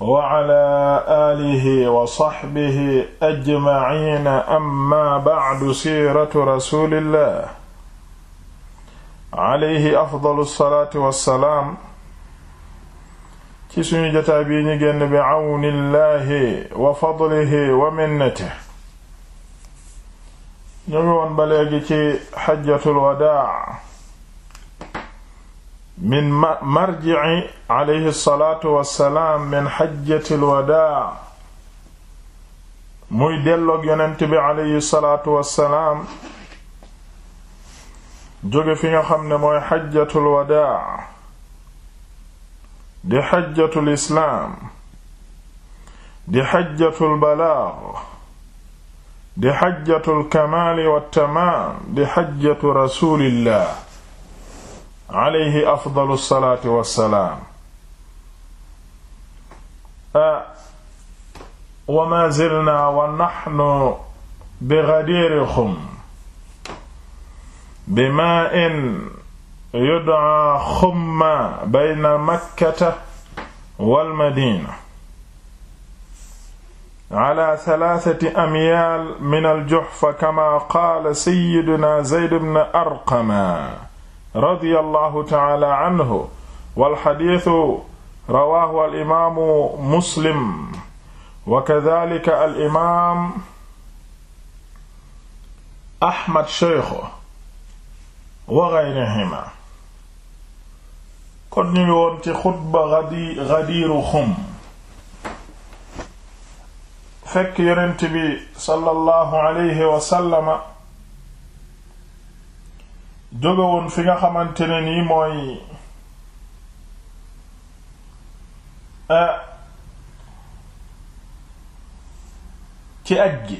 wala alihi wa saxbihi ajmaciina amma bacdu siiratu rasulillah alayhi afdalu salaati wassalaam ci suñu jotaay bii ñu génn bi cawni llahi wa fadlihi wa minnatihi ñu ngi woon ba léegi ci xajjatul wadaa min marji'i alayhi salaatu wassalaam min xajjatil wadaa muy delloog yonent bi alayhi salaatu wassalaam jóge fi nga xam ne mooy xajjatul wadaa di xajjatul islaam di xajjatul balaag di xajjatul kamaali wattamaam di xajjatu rasuulillah alayhi afdalu salaati wassalaam wa ma zilna wa naxnu bi ghadiiri xum bi maa'in yud'aa xumma bayna makkata wal madina ala talaatati amyaal min al juhfa kamaa qaala sayyidunaa zayd ibn arqama radiyallahu ta'ala anhu wal xadiisu rawaahu al imaamu muslim wa kadaalika al imaam Ahmad Cheikh wa gayrihimaa kon ñu ngi woon ci xutba Gadi Gadiiru Xum fekk yonent bi sallallahu alayhi wa sallama jóge fi nga xamante ne nii mooy ci aj gi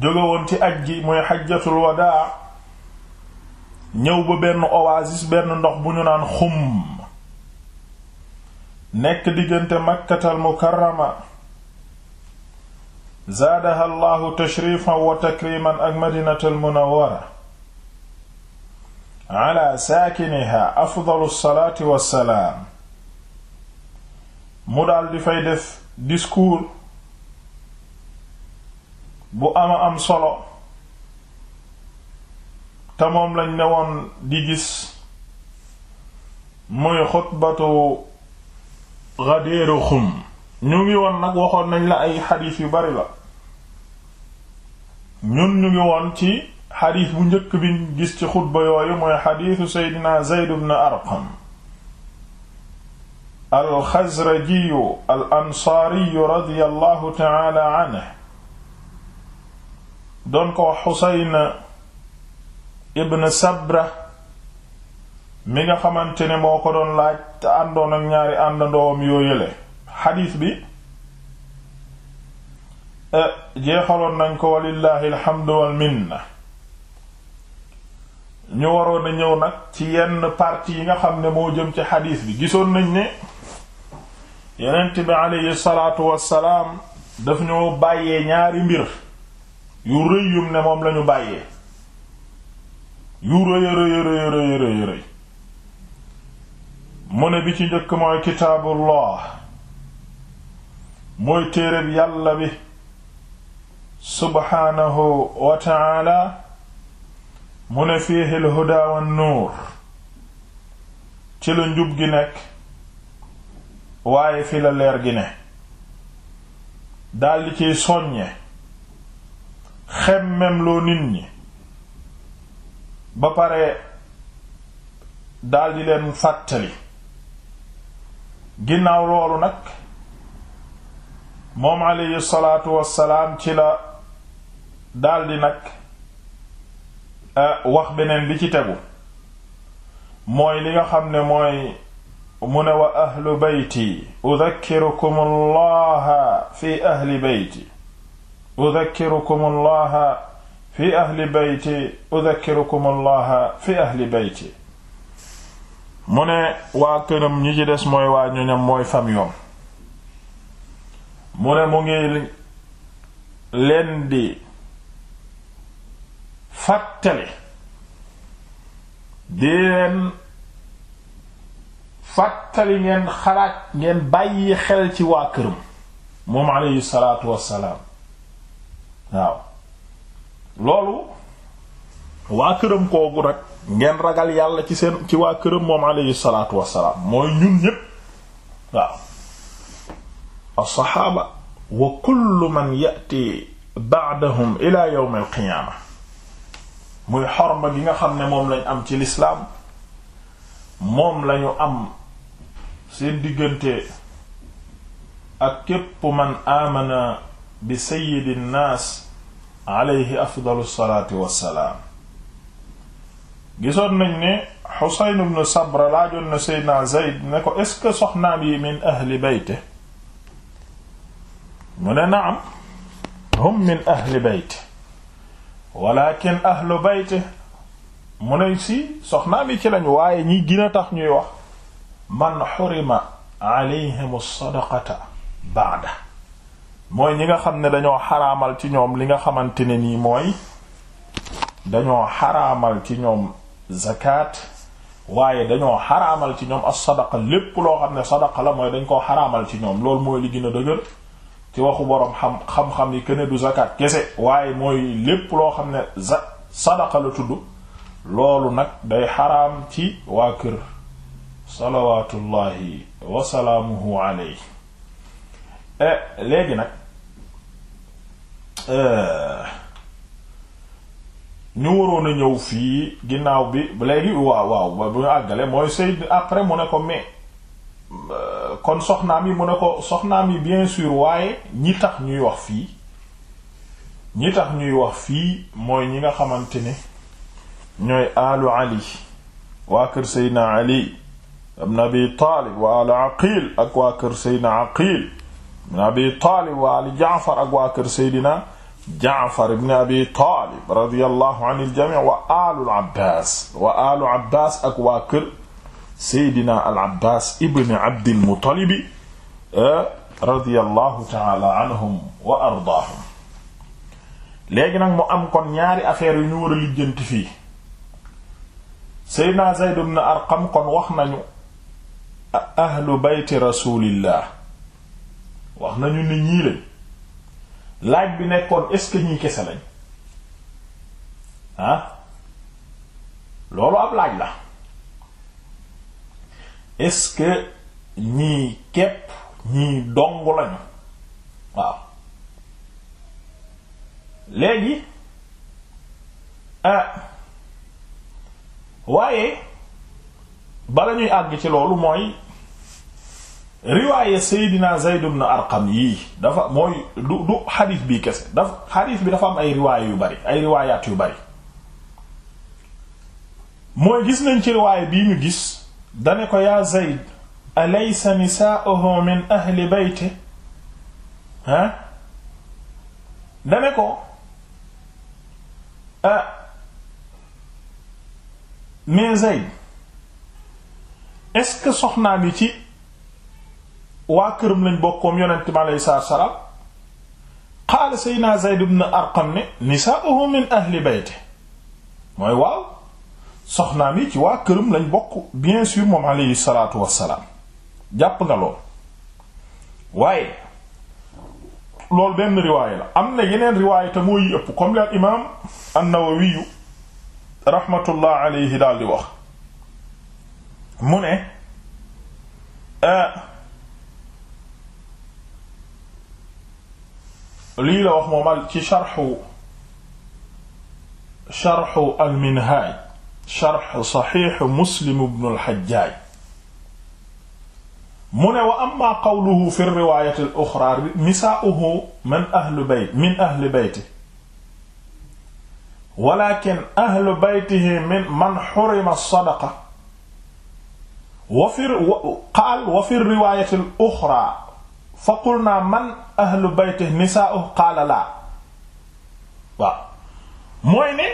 jóge ci aj gi mooy xajjatul wadaa ñëw ba benn oasis benn ndox bu ñu naan xum nekk diggante makkatal mukarrama zaadaha allahu tashrifan wa takriman ak madinatul munawwara ala saakiniha afdalu salaati wassalaam mu daal di fay bu ama am solo te moom lañ ne woon di gis muy xutbatu Ghadir Khoum ñu ngi woon nag waxoon nañ la ay xadiis yu bari la ñun ñu ngi woon ci xadiis bu njëkk bi gis ci xutba yooyu mooy xadiisu seydina Zayd ibn Arqam alxazrajiyu al ansaariyu radiyallahu taala anhu doon ko wax ibn Sabra mi nga xamante ne moo ko doon laaj te àndoon ak ñaari àndandoowam yooyule xadiis bi Eh, jeexaloon nañ ko walillahi alhamdu wal ñu waroon a ñëw nag ci yenn partie yi nga xam ne moo jëm ci xadiis bi gisoon nañ ne yonent bi aleyhi salaatu wassalaam daf ñoo bàyyee ñaari mbir yu rëy ne moom lañu bàyyee yu rëy rëy rëy rëy mu ne bi ci njëkk mooy kitaabullah mooy téereb yàlla bi subxaanahu wa taala mu ne fiihi alhudaa wan nuur ci la njub gi nekk waaye fi la leer gi ne daldi ciy soññe xemmem loo nit ñi ba pare daldi leen fàttali ginnaaw loolu nag moom alayhi salaatu wassalaam ci la daldi nag wax beneen bi ci tegu mooy li nga xam ne mooy mu ne wa ahlu beyti udhakkirukum allaha fi ahli beyti udhakkirukum allaha fi ahli beyti mu ne waa këram ñi ci des mooy waa ñoñam mooy famiyom mu ne mu ngi leen di fàttali di leen ngeen xalaat ngeen bàyyi xel ci waa këram moom aleyhi salaatu wassalaam waaw loolu waa këram koogu rek ngeen ragal yàlla ci seen ci waa këram moom aleyhi salaatu wassalaam mooy ñun ñépp waaw alsaxaaba wa kullu man yati ba'dahum ila yawm al muy xorma gi nga xam ne moom lañ am ci lislaam moom lañu am seen diggante ak képp man aamana bi sayyidi nnaas alayhi afdalu salaatu wassalaam gisoon nañ ne Xusayn ibn Sabra laajoon na Seydina Zayd ne ko est-ce que soxnaam yi min ahli beyte mu ne naam hum min ahli beyte walakin ahlu bayti mu ne si soxnaa mi ci lañu waaye ñi gin a tax ñuy wax man xurima alayhim sadaqata baada mooy ñi nga xam ne dañoo xaraamal ci ñoom li nga xamante ne nii mooy dañoo xaraamal ci ñoom zakat waaye dañoo xaraamal ci ñoom as sadaqa lépp loo xam ne sadaqa la mooy dañ koo xaraamal ci ñoom loolu mooy li gën a dëgër ci waxu boroom xam xam-xam yi kenn du zakat kese waaye mooy lépp loo xam ne za sadaqa la tudd loolu nag day xaraam ci waa kër salawatullahi wasalaamuhu alayhi e, léegi nag e, ñu waroon a ñëw fii ginnaaw bi léegi waaw waaw ba bu ñu àggale mooy sëy après mu ne ko mais Euh, kon soxnaam yi mu ne ko soxnaam yi bien sûr waaye ñi tax ñuy wax fii ñi tax ñuy wax fii mooy ñi nga xamante ne ñooy alu ali waa kër seydna ali ibn abi taalib wa alu ak waa kër seydna aqil ibn abi taalib wa ali jaafar ak waa kër seydna jaafar ibn abi taalib radiyallahu wa alu alu abbas ak waa seydina al abbaas ibn abdil muttalibi eh, radiyallahu taala anhum wa ardaahum léegi nag mu am kon ñaari affaire yu ñu war a lijjanti fii seydina zeyd ibn arqam kon wax nañu ahlu beyti rasulillah wax nañu ni ñii laaj bi nekkoon est-ce ñii kese lañ ah? loolu ab laaj la est-ce que ñii képp ñii dong lañu waaw léegi ah waaye bala ñuy àgg ci loolu mooy riwaaye Seydina Zayd na Arqam yii dafa mooy du du xadiis bi kese dafa xadiis bi dafa am ay yu bari ay riwaayaat yu bari mooy gis nañ ci riwaaye bii ñu gis dane ko yaa Zayd alaysa nisaa'uhu min ahli bayti ah dane ko ah mais Zayd est-ce que soxnaa ni ci waa këram lañ bokkoom yonent bi alayhi salaatu salaam qaala sayyidunaa Zayd ibn Arqam ne nisaa'uhu min ahli bayti mooy waaw soxnaam yi ci waa këram lañ bokk bien sûr moom alayhi salaatu wassalaam jàpp na lool waaye loolu benn riwaay la am na yeneen riwaay te mooy ëpp comme li al imaam an-Nawawi rahmatullah alayhi daal di wax mu ne euh, lii la wax moomal ci sharxu al-Minhaaj sharx saxiix muslim ibn al-Hajjaaj mu ne wa amma qawluhu fi riwaayati al-uxraa nisaa'uhu min ahli bayt min ahli bayti walaakin ahlu baytihi min man xurima as-sadaqa wa fi qaal wa fi riwaayati al-uxraa faqulnaa man ahlu baytihi nisaa'uhu qaala laa waaw mooy ne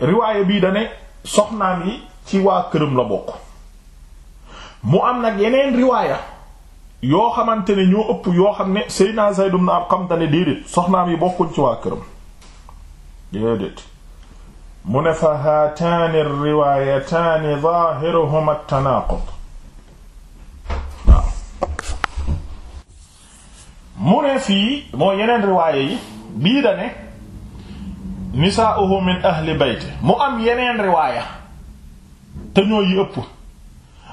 riwaaya bii da ne soxnaam yi ci waa këram la bokk mu am nag yeneen riwaaya yoo xamante ne ñoo ëpp yoo xam ne Seydina Zayd ibn Arqam dane déedéet soxnaam yi bokkuñ ci waa këram déedéet mu ne fa haataani riwaayataani zaahiruhuma tanaaqud mu ne fii moo yeneen riwaaya yi bii da nisaa'uhu min ahli bayti mu am yeneen riwaaya te ñoo yi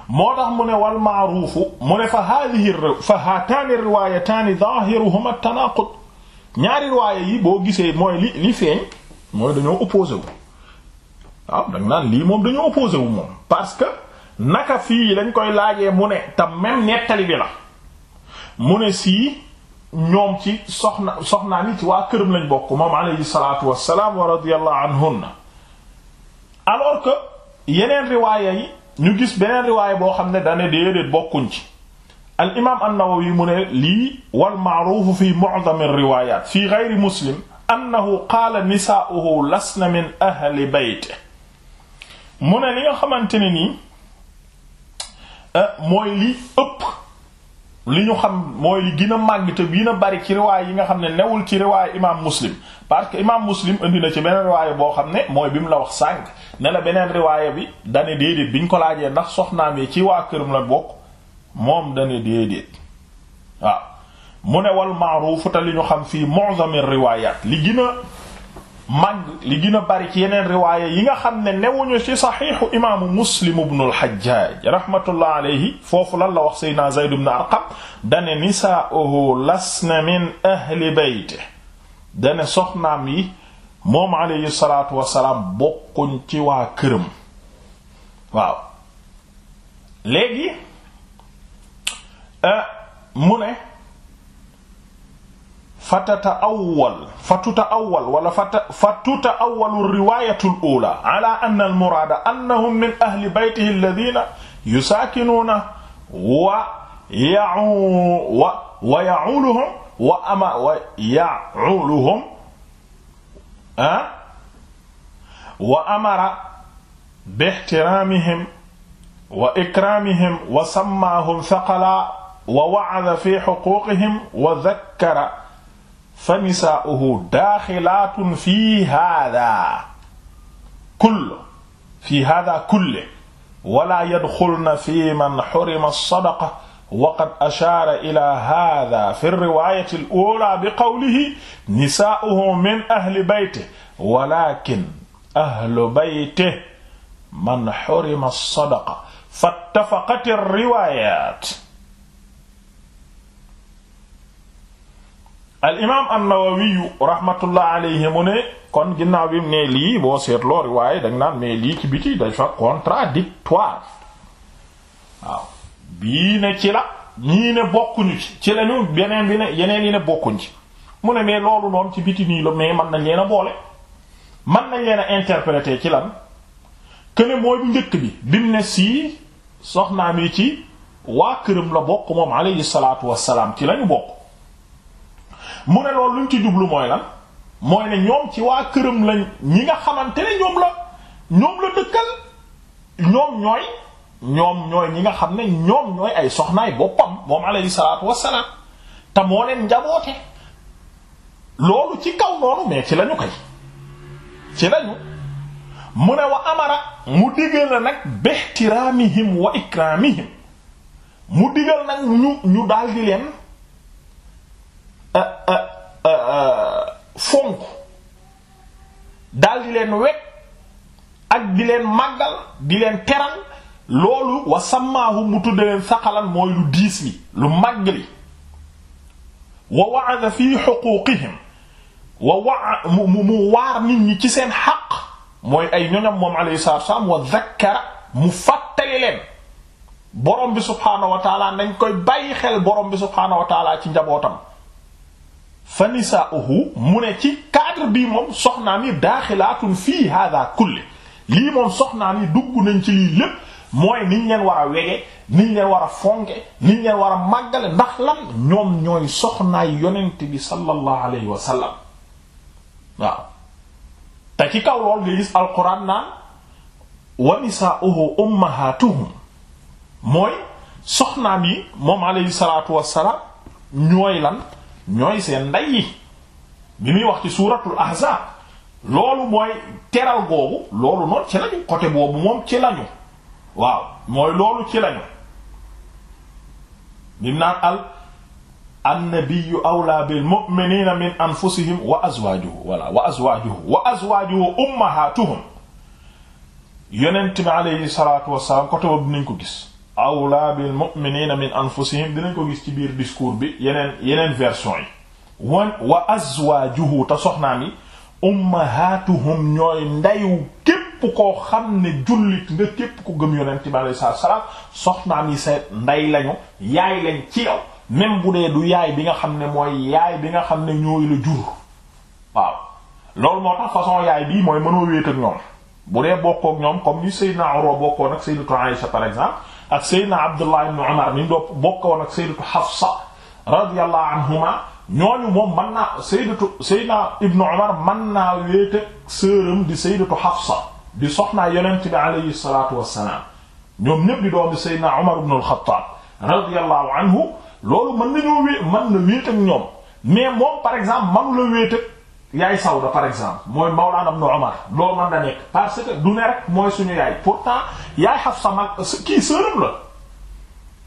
moo tax mu ne wal ma'ruufu mu ne fa haadihi fa haataani riwaayataani zaahiruhuma tanaaqud ñaari riwaaya yi boo gisee mooy li feeñ mooy dañoo opposé wu waaw danga naan lii moom dañoo opposé wu moom parce que naka fii lañ koy laajee mu ne te même nettali bi la mu sii ñoom ci soxna soxnaa ci waa kër lañ bokk moom aleyhi salatu wasalaam wa radiyallahu anhunna alors yeneen riwaaya yi ñu gis beneen riwaaya boo xam ne dane déedéet bokkuñ ci al mu ne lii wal ma'ruufu fi mu'dham ar-riwaayaat fi ghayri muslim annahu qaala nisaa'uhu lasna min ahli mu ne li nga xamante ne nii eh, mooy li ëpp li ñu xam mooy li gën a màgg te gën a bari ci riwaay yi nga xam ne newul ci riwaay imaam muslim parce que imaam muslim indi na ci beneen riwaay boo xam ne mooy bi mu la wax sànq ne la beneen riwaay bi dane déedéet bi ñu ko laajee ndax soxnaam yi ci waa këram la bokk moom dane déedéet waaw mu ne wal ma'ruf te li ñu xam fii mu'zamir riwaayaat li gën mag li gën bari ci yeneen riwaaya yi nga xam ne newuñu ci saxiixu imaamu muslim ibnu al-Hajjaaj rahmatullah foofu lan la wax Seydina Zayd ibn Arqam dane nisaa'uhu lasna min ahli bayte dane soxnaam yi moom alayhi salaatu wasalaam bokkuñ ci waa këram waaw léegi eh, mu ne fatata awwal fatuta awwal wala fata fatuta awwalu riwaayatul uulaa ala anna al-muraada annahum min ahli baytihi alladhiina yusaakinuuna wa ya'u wa wa ya'uluhum wa ama wa ya'uluhum ah wa amara bihtiramihim wa ikraamihim wa sammaahum thaqala wa wa'adha fi huquuqihim wa dhakkara fa nisaa'uhu daaxilaatun fi haadaa kull fi haadaa kulle wala yadxulna fi man xurima sadaqa waqad ashaara ilaa haadaa fi riwaayati al-uulaa bi qawlihi nisaa'uhu min ahli baytihi walaakin ahlu baytihi man xurima sadaqa fattafaqati riwaayaat al imaam an-Nawawi rahmatullah alayhi mu ne kon ginnaaw bi mu ne lii boo seetloo waaye danga naan mais lii ci biti dafa contradictoire waaw bii ne ci la ñii ne bokkuñu ci ci lañu beneen bi ne yeneen yi ne bokkuñ ci mu ne mais loolu noonu ci biti nii la mais mën nañ leen a boole mën nañ leen a interpréter ci lan que ne njëkk bi bi mu ne sii soxnaam yi ci waa këram la bokk moom alayhi salaatu salaam ci lañu bokk. mu ne loolu luñ ci jublu mooy lan mooy ne ñoom ci waa këram lañ ñi nga xamante ne ñoom la ñoom la dëkkal ñoom ñooy ñoom ñooy ñi nga xam ne ñoom ñooy ay soxnaay boppam moom alay salaatu wassalaam te moo leen njaboote loolu ci kaw noonu mais ci lañu koy ci lañu mu ne wa amara mu digal nag bixtiraamihim wa ikraamihim mu digal nag ñu ñu daldi leen fonk daldi di leen wekk ak di leen màggal di leen teral loolu wa sàmmaahu mu tudd leen saqalan mooy lu diis li lu màgg li wa wa'ada fi xuquuqihim wa wa mu mu waar nit ñi ci seen xaq mooy ay ñoñam moom alayhi salaatu wasalaam wa zakkara mu fàttali leen borom bi subhaanahu wa taala nañ koy bàyyi xel borom bi subhaanahu wa ci njabootam fa nisaa'uhu mu ne ci cadre bii moom soxnaam yi daaxilaatun fii hada kulli lii moom soxnaam yi dugg nañ ci lii lépp mooy niñ leen war wege niñ leen war a fonke niñ leen war a màggale ndax lan ñoom ñooy soxnaay yonent bi sallallahu alayhi wa sallam te ci kaw lool nga gis alquran naan wa nisaa'uhu ummahatuhum mooy soxnaam yi moom alayhi salatu wasalaam ñooy lan ñooy seen ndey bi muy wax ci suuratul ahzaab loolu mooy teral googu loolu noonu ci lañu côté boobu moom ci lañu waaw mooy loolu ci lañu lim naan al annabiyyu awlaa bil mu'miniina min anfusihim wa azwaajuhu wala wa azwaajuhu wa azwaajuhu ummahatuhum yonent bi alayhi salaatu wassalaam côté boobu nañ gis awlaa bil mu'minina min anfusihim dinañ ko gis ci biir discours bi yeneen yeneen version yi wan wa azwaajuhu te soxnaam yi ummahatuhum ñooy ndeyu képp ko xam ne jullit nga képp ko gëm yonent bi alayhi salaatu salaam soxnaam yi seet ndey lañu yaay lañ ci yow même bu dee du yaay bi nga xam ne mooy yaay bi nga xam ne ñooy la jur waaw loolu moo tax façon yaay bii mooy mënoo wéet ak ñoom bu dee bokkoo ak ñoom comme ni Seydina Urwa bokkoo nag Sayyidatu Aïsha par exemple ak Seydina Abdullah ibn Umar mi dopp bokkoon ak Sayyidatu Hafsa radiyallahu anhuma ñooñu moom mën naa Sayyidatu Seydina Ibn Umar mën naa wéete sëram di Sayyidatu Hafsa di soxnaa Yonent bi alayhi salaatu wassalaam ñoom ñépp di doom di Seydina Umar ibn al-Khattab radiyallahu anhu loolu mën nañoo wé mën na wéet ak ñoom mais moom par exemple mënu la wéet ak yaay Sawda par exemple mooy Mawlana Ibn Umar loolu man da nekk parce que du ne mooy suñu yaay pourtant yaay Hafsa mag kii sërëm la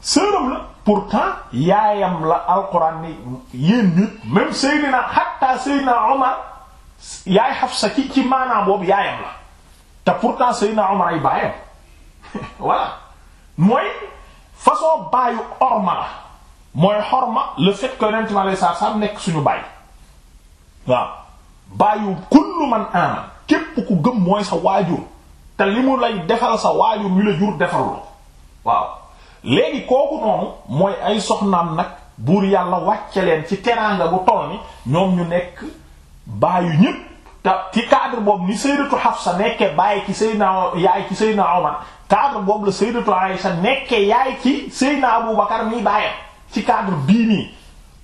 sërëm la pourtant yaayam la alquran ni yéen ñëpp même Seydina hatta Seydina Umar yaay Hafsa ci ci maanaam boobu yaayam la te pourtant Seydina Umar ay baayam voilà mooy façon baayu orma la mooy xorma le fait que Yonent bi alayhi salaam nekk suñu baay waaw. bàyyu kullu man aana képp ku gëm mooy sa waajur te li mu lay defal sa waajur wi la jur defal la waaw léegi kooku noonu mooy ay soxnaam nag buur yàlla wàcce leen ci teraanga bu toll ni ñoom ñu nekk bàyyu ñépp te ci cadre boobu ni sayyidatu Hafsa nekke bàyyi ci sayyidina yaay ci sayyidina Umar cadre boobu la sayyidatu Aisha nekke yaay ci sayyidina Abu Bakar mi bàyyam ci cadre bii nii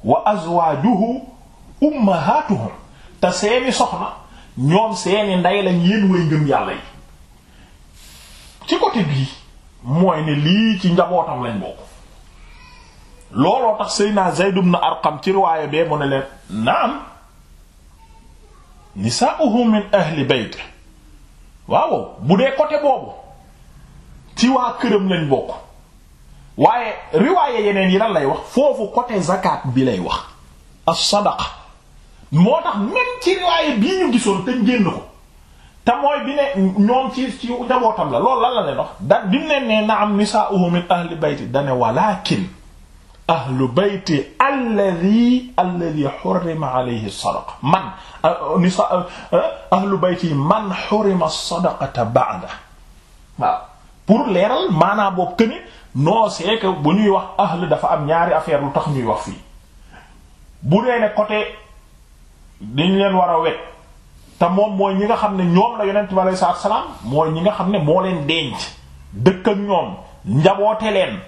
wa azwajuhu ummahatuhum te seeni soxna ñoom seeni ndey lañ yéen way ngëm yàlla yi ci côté bii mooy ni lii ci njabootam lañ bokk looloo tax Seydina Zayd ibn Arqam ci riwaaya bee mu ne leen naam nisaa'uhu min ahli bayt waaw bu dee côté boobu ci waa këram lañ bokk waaye riwaaya yeneen yi lan lay wax foofu côté zakat bi lay wax as-sadaqa moo tax même ci riwaaye bii ñu gisoon te génn ko te bi ne ñoom ci ci la loolu lan la leen wax da bi mu leen na am nisaa'uhu min ahli bayti dane walakin ahlu bayti alladhi alladhi hurrima man nisa ahlu bayti man hurrima as leeral maanaam boobu que ni non bu ñuy wax ahl dafa am ñaari affaire lu tax ñuy wax fii bu dee dañ leen war a wet te moom mooy ñi nga xam ne ñoom la yonent bi aleyhi salaam mooy ñi nga xam ne moo leen denc dëkk ak ñoom njaboote leen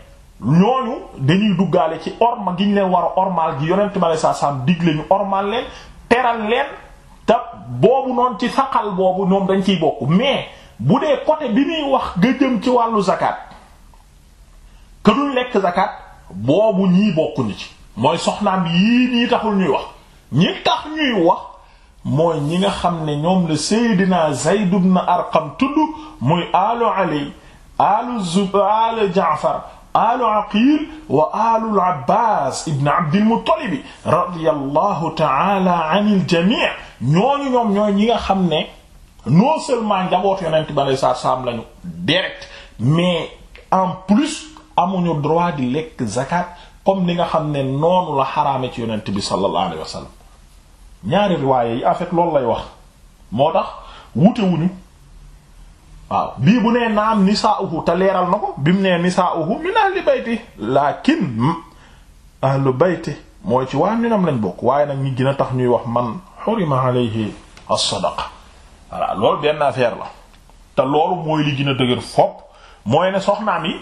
ñooñu dañuy duggaale ci orma gi ñu leen war a ormal gi yonent bi aleyhi salaatu salaam digle ñu ormal leen teral leen te boobu noonu ci saqal boobu ñoom dañ ciy bokk mais bu dee côté bi muy wax nga jëm ci wàllu zakat que lekk zakat boobu ñii bokkuñu ci mooy soxnaam yii nii taxul ñuy wax. ñi tax ñuy wax mooy ñi nga xam ne ñoom la Seydina Zayd ibn Arqam tudd muy alu Ali alu Zub alu Jaafar alu Aqil wa alu al-Abbas ibn Abdil Muttalib radiyallahu ta'ala anil jami' ñooñu ñoom ñooy ñi nga xam ne non seulement njaboot yonent ba lay saar saam lañu direct mais en plus amuñu droit di lekk zakat comme ni nga xam ne noonu la xaraame ci yonent bi sallallahu alayhi wa sallam ñaari riwaaye yi en loolu lay wax moo tax wute waaw bii bu nee naam nisaa'uhu te leeral na ko bi mu nee nisaa'uhu min ahli bayti laakin ahlu bayti mooy ci waa ñunam lañ bokk waaye nag ñi gën a tax ñuy wax man xurima alayhi as-sadaqa voilà loolu benn affaire la te loolu mooy li gën a dëgër fopp mooy ne soxnaam yi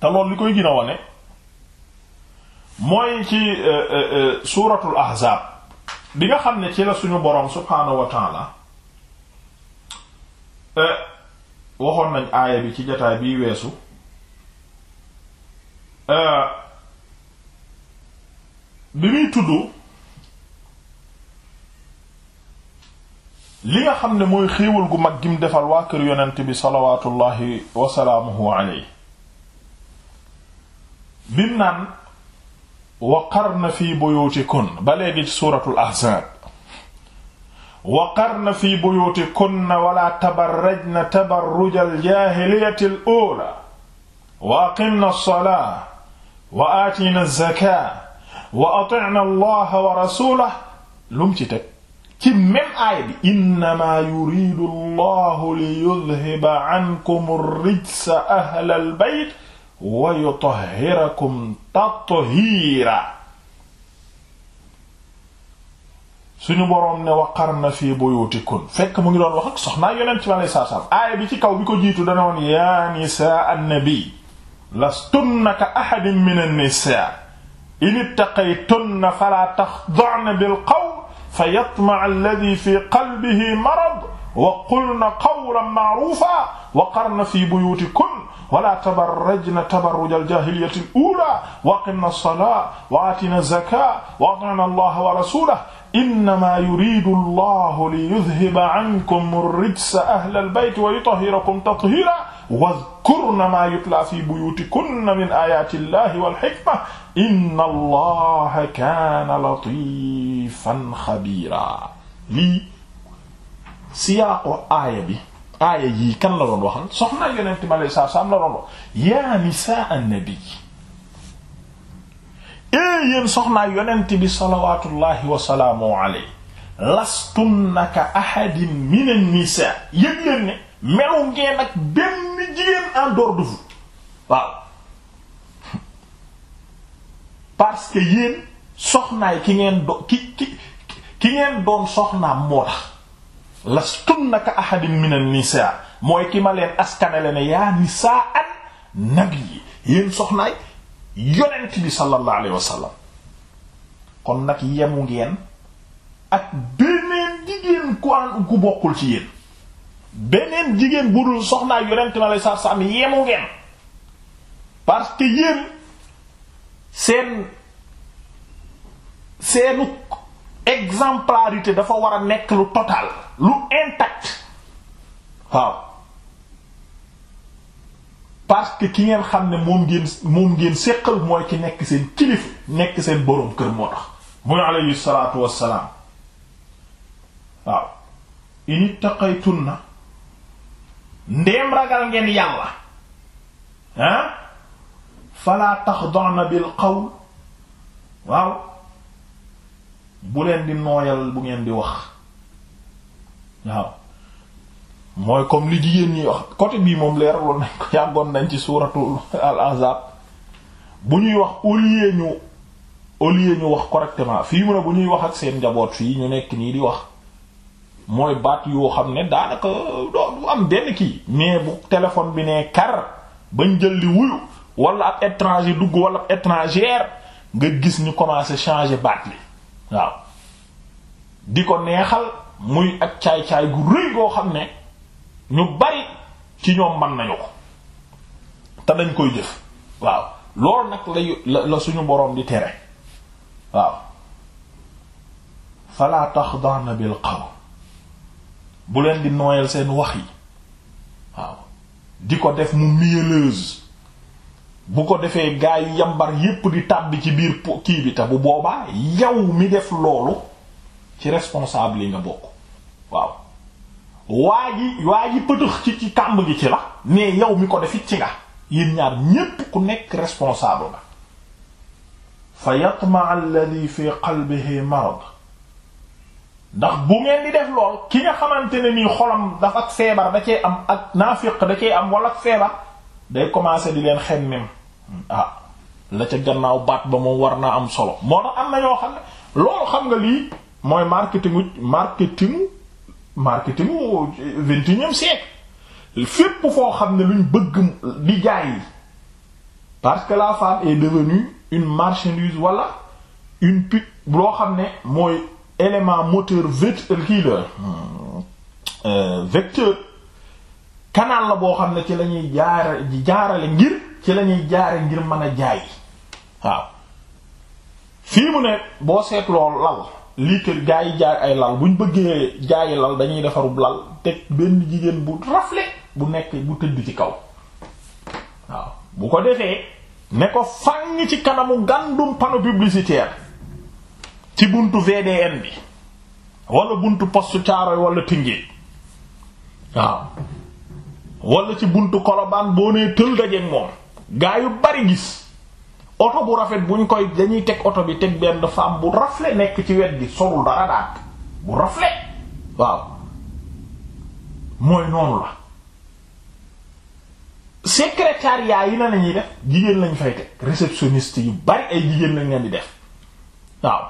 te loolu li koy gën a wane mooy ci euh, euh, euh, suuratul ahzaab bi nga xam ne ci la suñu boroom subhaanahu wa taala eh, waxoon nañ aaya bi ci jataay biy weesu eh, bi muy tudd li nga xam ne mooy xéewal gu mag gim defal waa kër yonent bi salawaatullahi wasalaamuhu alayhi bim naan waqarna fi buyutikun ba léegi ci suuratul ahzaab waqarna fi buyutikunna wala tabarrajna tabarrujal jaahiliyatil uulaa wa aqimna as-salaa wa aatina az-zakaa wa ati'na allaha wa rasuulahu lum ci teg ci même aay bi innamaa yuriidu allahu liyudhiba ankum ar-rijsa ahlal bayt wa yutahhirakum tathiira suñu boroom ne waqarna fi buyutikun fekk mu ngi doon wax ak soxnaa yonent bi alayhi salaam aaya bi ci kaw bi ko jiitu dana woon yaa nisaa annabi lastunna ka ahadin min an-nisaa in ittaqaytunna falaa taxda'na bil qawl fayatma'a alladhi fi qalbihi marad wa qulna qawlan ma'ruufa waqarna fi buyutikun wala tabarrajna tabarrujal jaahiliyatil uulaa wa aqimna salaa wa aatina zakaa wa atiina allaha wa rasuulahu innamaa yuriidu allahu liyudhiba ankum rijsa ahlal bayti wa yutahhirakum tathiiraa wadhkurna maa yutlaa fii buyuutikunna min aayaati llahi wal hikma inna allaha kaana latiifan xabiiraa lii siyaaqu aaya bi aaya yii kan la doon waxal soxna yonent mi alayhi salaatu la doon wax yaa nisaa an ee eh, yéen soxnaa yonent bi salawaatullahi wa salaamu alayhi lastunna ka ahadin min an-nisaa leen ne melu ngeen ak benn jigéen en dehors de waaw parce que yéen soxnaay ki ngeen do doon soxnaam moo tax lastunna ka ahadin min an-nisaa mooy ki ma leen askanale ne yaa nisaa an nabi yéen soxnaay yonent bi sallallahu alayhi wa kon nag yemu ngeen ak beneen jigéen ku an ku bokkul ci yéen beneen jigéen bu dul soxnaay yonent ma lay saar yemu ngeen parce que yéen seen seenu exemplarité dafa war a nekk lu total lu intact waaw parce ki ngeen xam ne moom ngeen moom ngeen séqal mooy ki nekk seen kilif nekk seen boroom kër moo tax muy alayhi salaatu wassalaam waaw init taqaytun na ndeem ragal ngeen yàlla ah fala taxda'na bil qawl waaw bu leen di nooyal bu ngeen di wax waaw mooy comme li jigéen ñi wax côté bii moom leeraloon nañ ko yàggoon nañ ci suuratul al-Ahzab bu ñuy wax au lieu ñu au lieu ñu wax correctement fii mu ne bu ñuy wax ak seen njaboot fii ñu nekk nii di wax mooy baat yoo xam ne daanaka du am benn kii mais bu téléphone bi ne kar bañ jël li wuyu wala ab étranger dugg wala ab étrangère nga gis ñu commencé changer baat li waaw di ko neexal muy ak caay-caay gu rëy goo xam ne ñu bari ci ñoom mën nañu ko te dañ koy jëf waaw loolu nag la la suñu boroom di tere waaw fala taxdana bil xaw bu leen di nooyal seen wax yi waaw di ko def mu mielleuse bu ko defee gaa yi yambar yépp di tàbbi ci biir kii bi te boobaa yow mi def loolu ci responsable yi nga bokk waaw waa ji waa ji pëtëx ci ci kàmb gi ci la mais yow mi ko def ci nga yéen ñaar ñépp ku nekk responsable nga fa yatma alladhi fi qalbihi marad ndax bu ngeen di def lool ki nga xamante ne nii xolam dafa ak feebar da cee am ak naafiq da cee am wala feebar day commencer di leen xemmem ah la ca gannaaw baat ba moom war naa am solo moo tax am na ñoo xam ne loolu xam nga lii mooy marketingu marketingu marketingu vingt et unième fépp foo xam ne luñ bëgg di jaay yi parce que la femme et devenue une marchandise wala une pique loo xam ne mooy élément moteur vecteur kii la hmm, euh, vecteur kanaan la boo xam ne ci lañuy ñuy jaara jaarale ngir ci lañuy ñuy jaare ngir mën a jaay waaw fii mu ne boo seetloo lal lii kër gaa yi jaay ay lal buñ bëggee jaayi lal dañuy defarub lal teg benn jigéen bu rafle bu nekk bu tëdd ci kaw waaw bu ko defee ne ko fànn ci kanamu gàndum panneau publicitaire ci buntu VDN bi wala buntu poste caaral wala Tingué waaw wala ci buntu kolobaan boo nee tël dajeeg moom gaa yu bari gis oto bu rafet ñu koy dañuy teg oto bi teg benn femme bu rafle nekk ci wet gi solul dara daat bu rafle waaw mooy noonu la secrétariat yi na la ñuy def jigéen lañ fay teg réceptionniste yu bari ay jigéen lañ leen di def waaw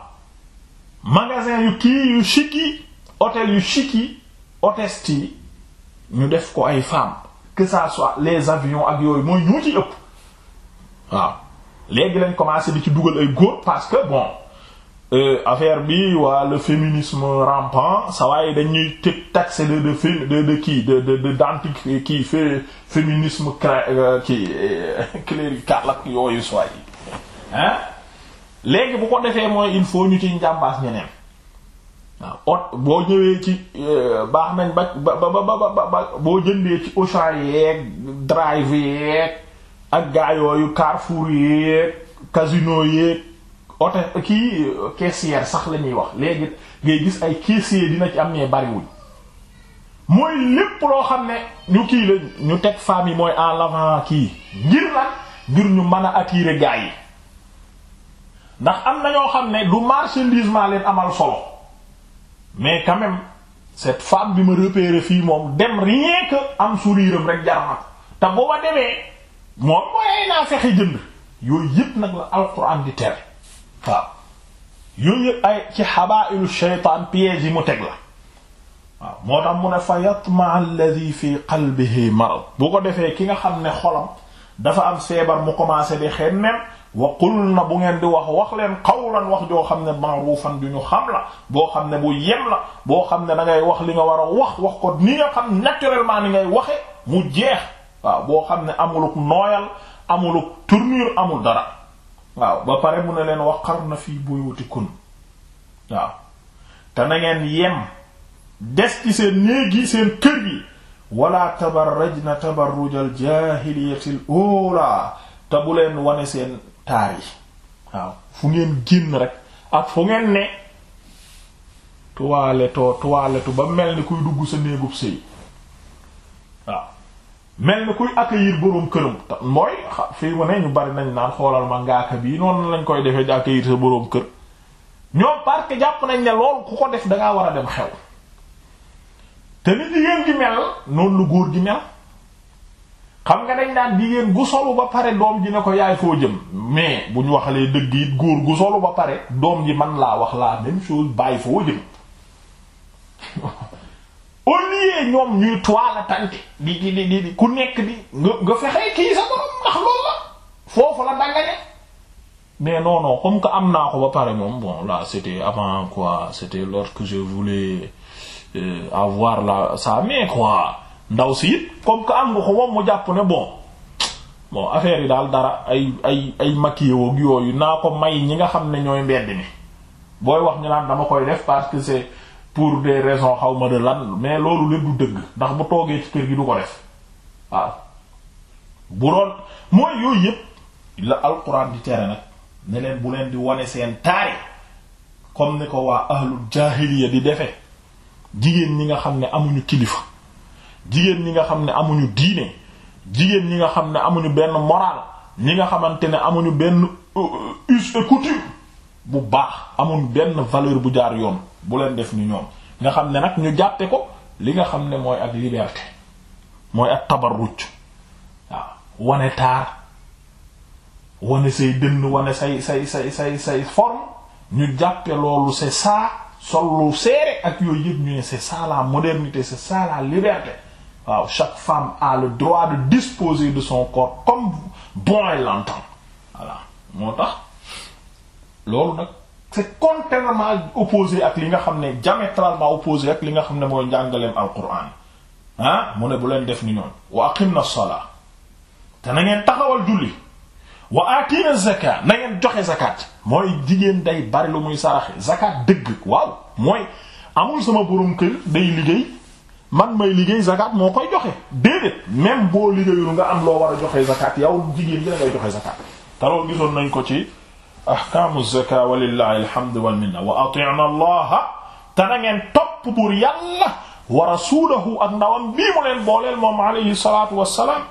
magasin yu kii yu chic yi hôtel yu chic yi hôtesse yi ñu def ko ay femmes que ça soit les avions ak yooyu mooy ñu ci ëpp waaw léegi lañ commencé di ci dugal ay góor parce que bon euh, affaire bi waa le féminisme rampant sa waaye dañuy tëg taxé de de de de kii de de d'anti kii féminisme cra kii euh, euh, clérical ak yooyu soy hein léegi bu ko defee mooy il faut ñu ciy njàmbaas ñeneen waaw ot boo ñëwee ci euh, baax nañ ba ba ba ba ba boo jëndee ci Auchan yeeg drive yeeg ak gaa yooyu Carrefour yeeg casino yeeg ote kii caissière sax lañuy wax léegi ngay gis ay caissier dina ci am nee bariwuñ mooy lépp loo xam ne ñu kii la ñu teg femme yi mooy en avant kii ngir lan ngir ñu mën a attirer gaa yi ndax am na ñoo xam ne du marchandisement leen amal solo. mais quand même cette femme bi ma repéré fii moom dem rien que am sourire am rek jar na ko te bu ma demee moom mooy naa fexe jënd yooyu yëpp nag la alquran di tere waaw yooyu yëpp ay ci xabaa'ilu shaytaan piège yi mu teg la waaw moo tax mu ne fa yatma alladhi fi qalbihi marad bu ko defee ki nga xam ne xolam dafa am seebar mu commencé di xemmem wa na bu ngeen di wax wax leen qawlan wax joo xam ne ma'rufan du ñu xam la boo xam ne bu yem la boo xam ne dangay wax li nga war a wax wax ko ni nga xam naturellement ni ngay waxe mu jeex waaw boo xam ne amuluk nooyal amuluk tournure amul dara waaw ba pare mu ne leen wax waqarna fii buyutikun waaw te na ngeen yem des ci seen néeg yi seen kër yi wala tabarrajna tabarrujal jaahiliyatil ula te bu leen wane seen taar yi waaw fu ngeen génn rek ak fu ngeen ne tuwaaleto tuwaaletu ba mel ni kuy dugg sa néegub sëy waaw mel ni kuy accueillir boroom këram mooy fii mu ne ñu bari nañ naan xoolal ma ngaaka bii noonu lañ koy defee di accueillir sa boroom kër ñoom parce jàpp nañ ne loolu ku ko def dangaa war a dem xew te ni jigéen gi mel noonu lu góor gi mel xam nga dañ daan jigéen gu solu ba pare doom ji ne ko yaay foo jëm mais bu ñu waxalee dëgg it góor gu solu ba pare doom yi man laa wax laa même chose bàyyi foo ku nekk di nga nga fexe kii mais non comme que am naa ko ba pare moom bon là c'était avant quoi c'était lorsque je voulais euh, avoir la ça mais quoi ndaw si it comme que am nga ko moom mu jàpp ne bon bon affaire yi daal dara ay ay ay makiyewoog yooyu naa ko may ñi nga xam ne ñooy mbedd mi booy wax ñu naan dama koy def parce que c'est pour des raisons xaw ma de lan mais loolu lépp du dëgg ndax bu toogee ci kër gi du ko def waaw bu doon mooy yooyu yëpp la alxuraan di tere nag ne leen bu leen di wane seen taari comme ni ko waa ahlul jaahiliya di defe jigéen ñi nga xam ne amuñu kilifa jigéen ñi nga xam ne amuñu diine jigéen ñi nga xam ne amuñu benn moral ñi nga xamante ne amuñu benn euh, us et bu baax amuñu benn valeur bu jaar yoon bu leen def ni ñoom nga xam ne nag ñu jàppe ko li nga xam ne mooy ak liberté mooy ak tabarruj waaw wane taar wane say dënn wane say say say say say forme ñu jàppe loolu c'est ça sollu seere ak yooyu yëpp ñu ne c'est ça modernité c'est ça liberté waaw chaque femme a le droit de disposer de son corps comme bon elle l'entend voilà moo tax loolu nag c'est contrairement opposé ak li nga xam ne diamétralement opposé ak li nga xam ne mooy njàngaleem alquran ah mu ne bu leen def ni ñoon wa aqim na sola te na ngeen taxawal julli wa atina zaka na ngeen joxe zakat mooy jigéen day bari lu muy saraxe zakat dëgg waaw mooy amul sama borom kër day liggéey man may liggéey zakat moo koy joxe déedéet même boo liggéeyul nga am loo war a joxe zakat yow jigéen ji la ngay joxe zakat taroo gisoon nañ ko ci ahkamu zaka walillahi alhamdu wal minna wa ati'na allaha te na ngeen topp buur yàlla wa rasulahu ak ndawam bii mu leen booleel moom alayhi salatu wassalaam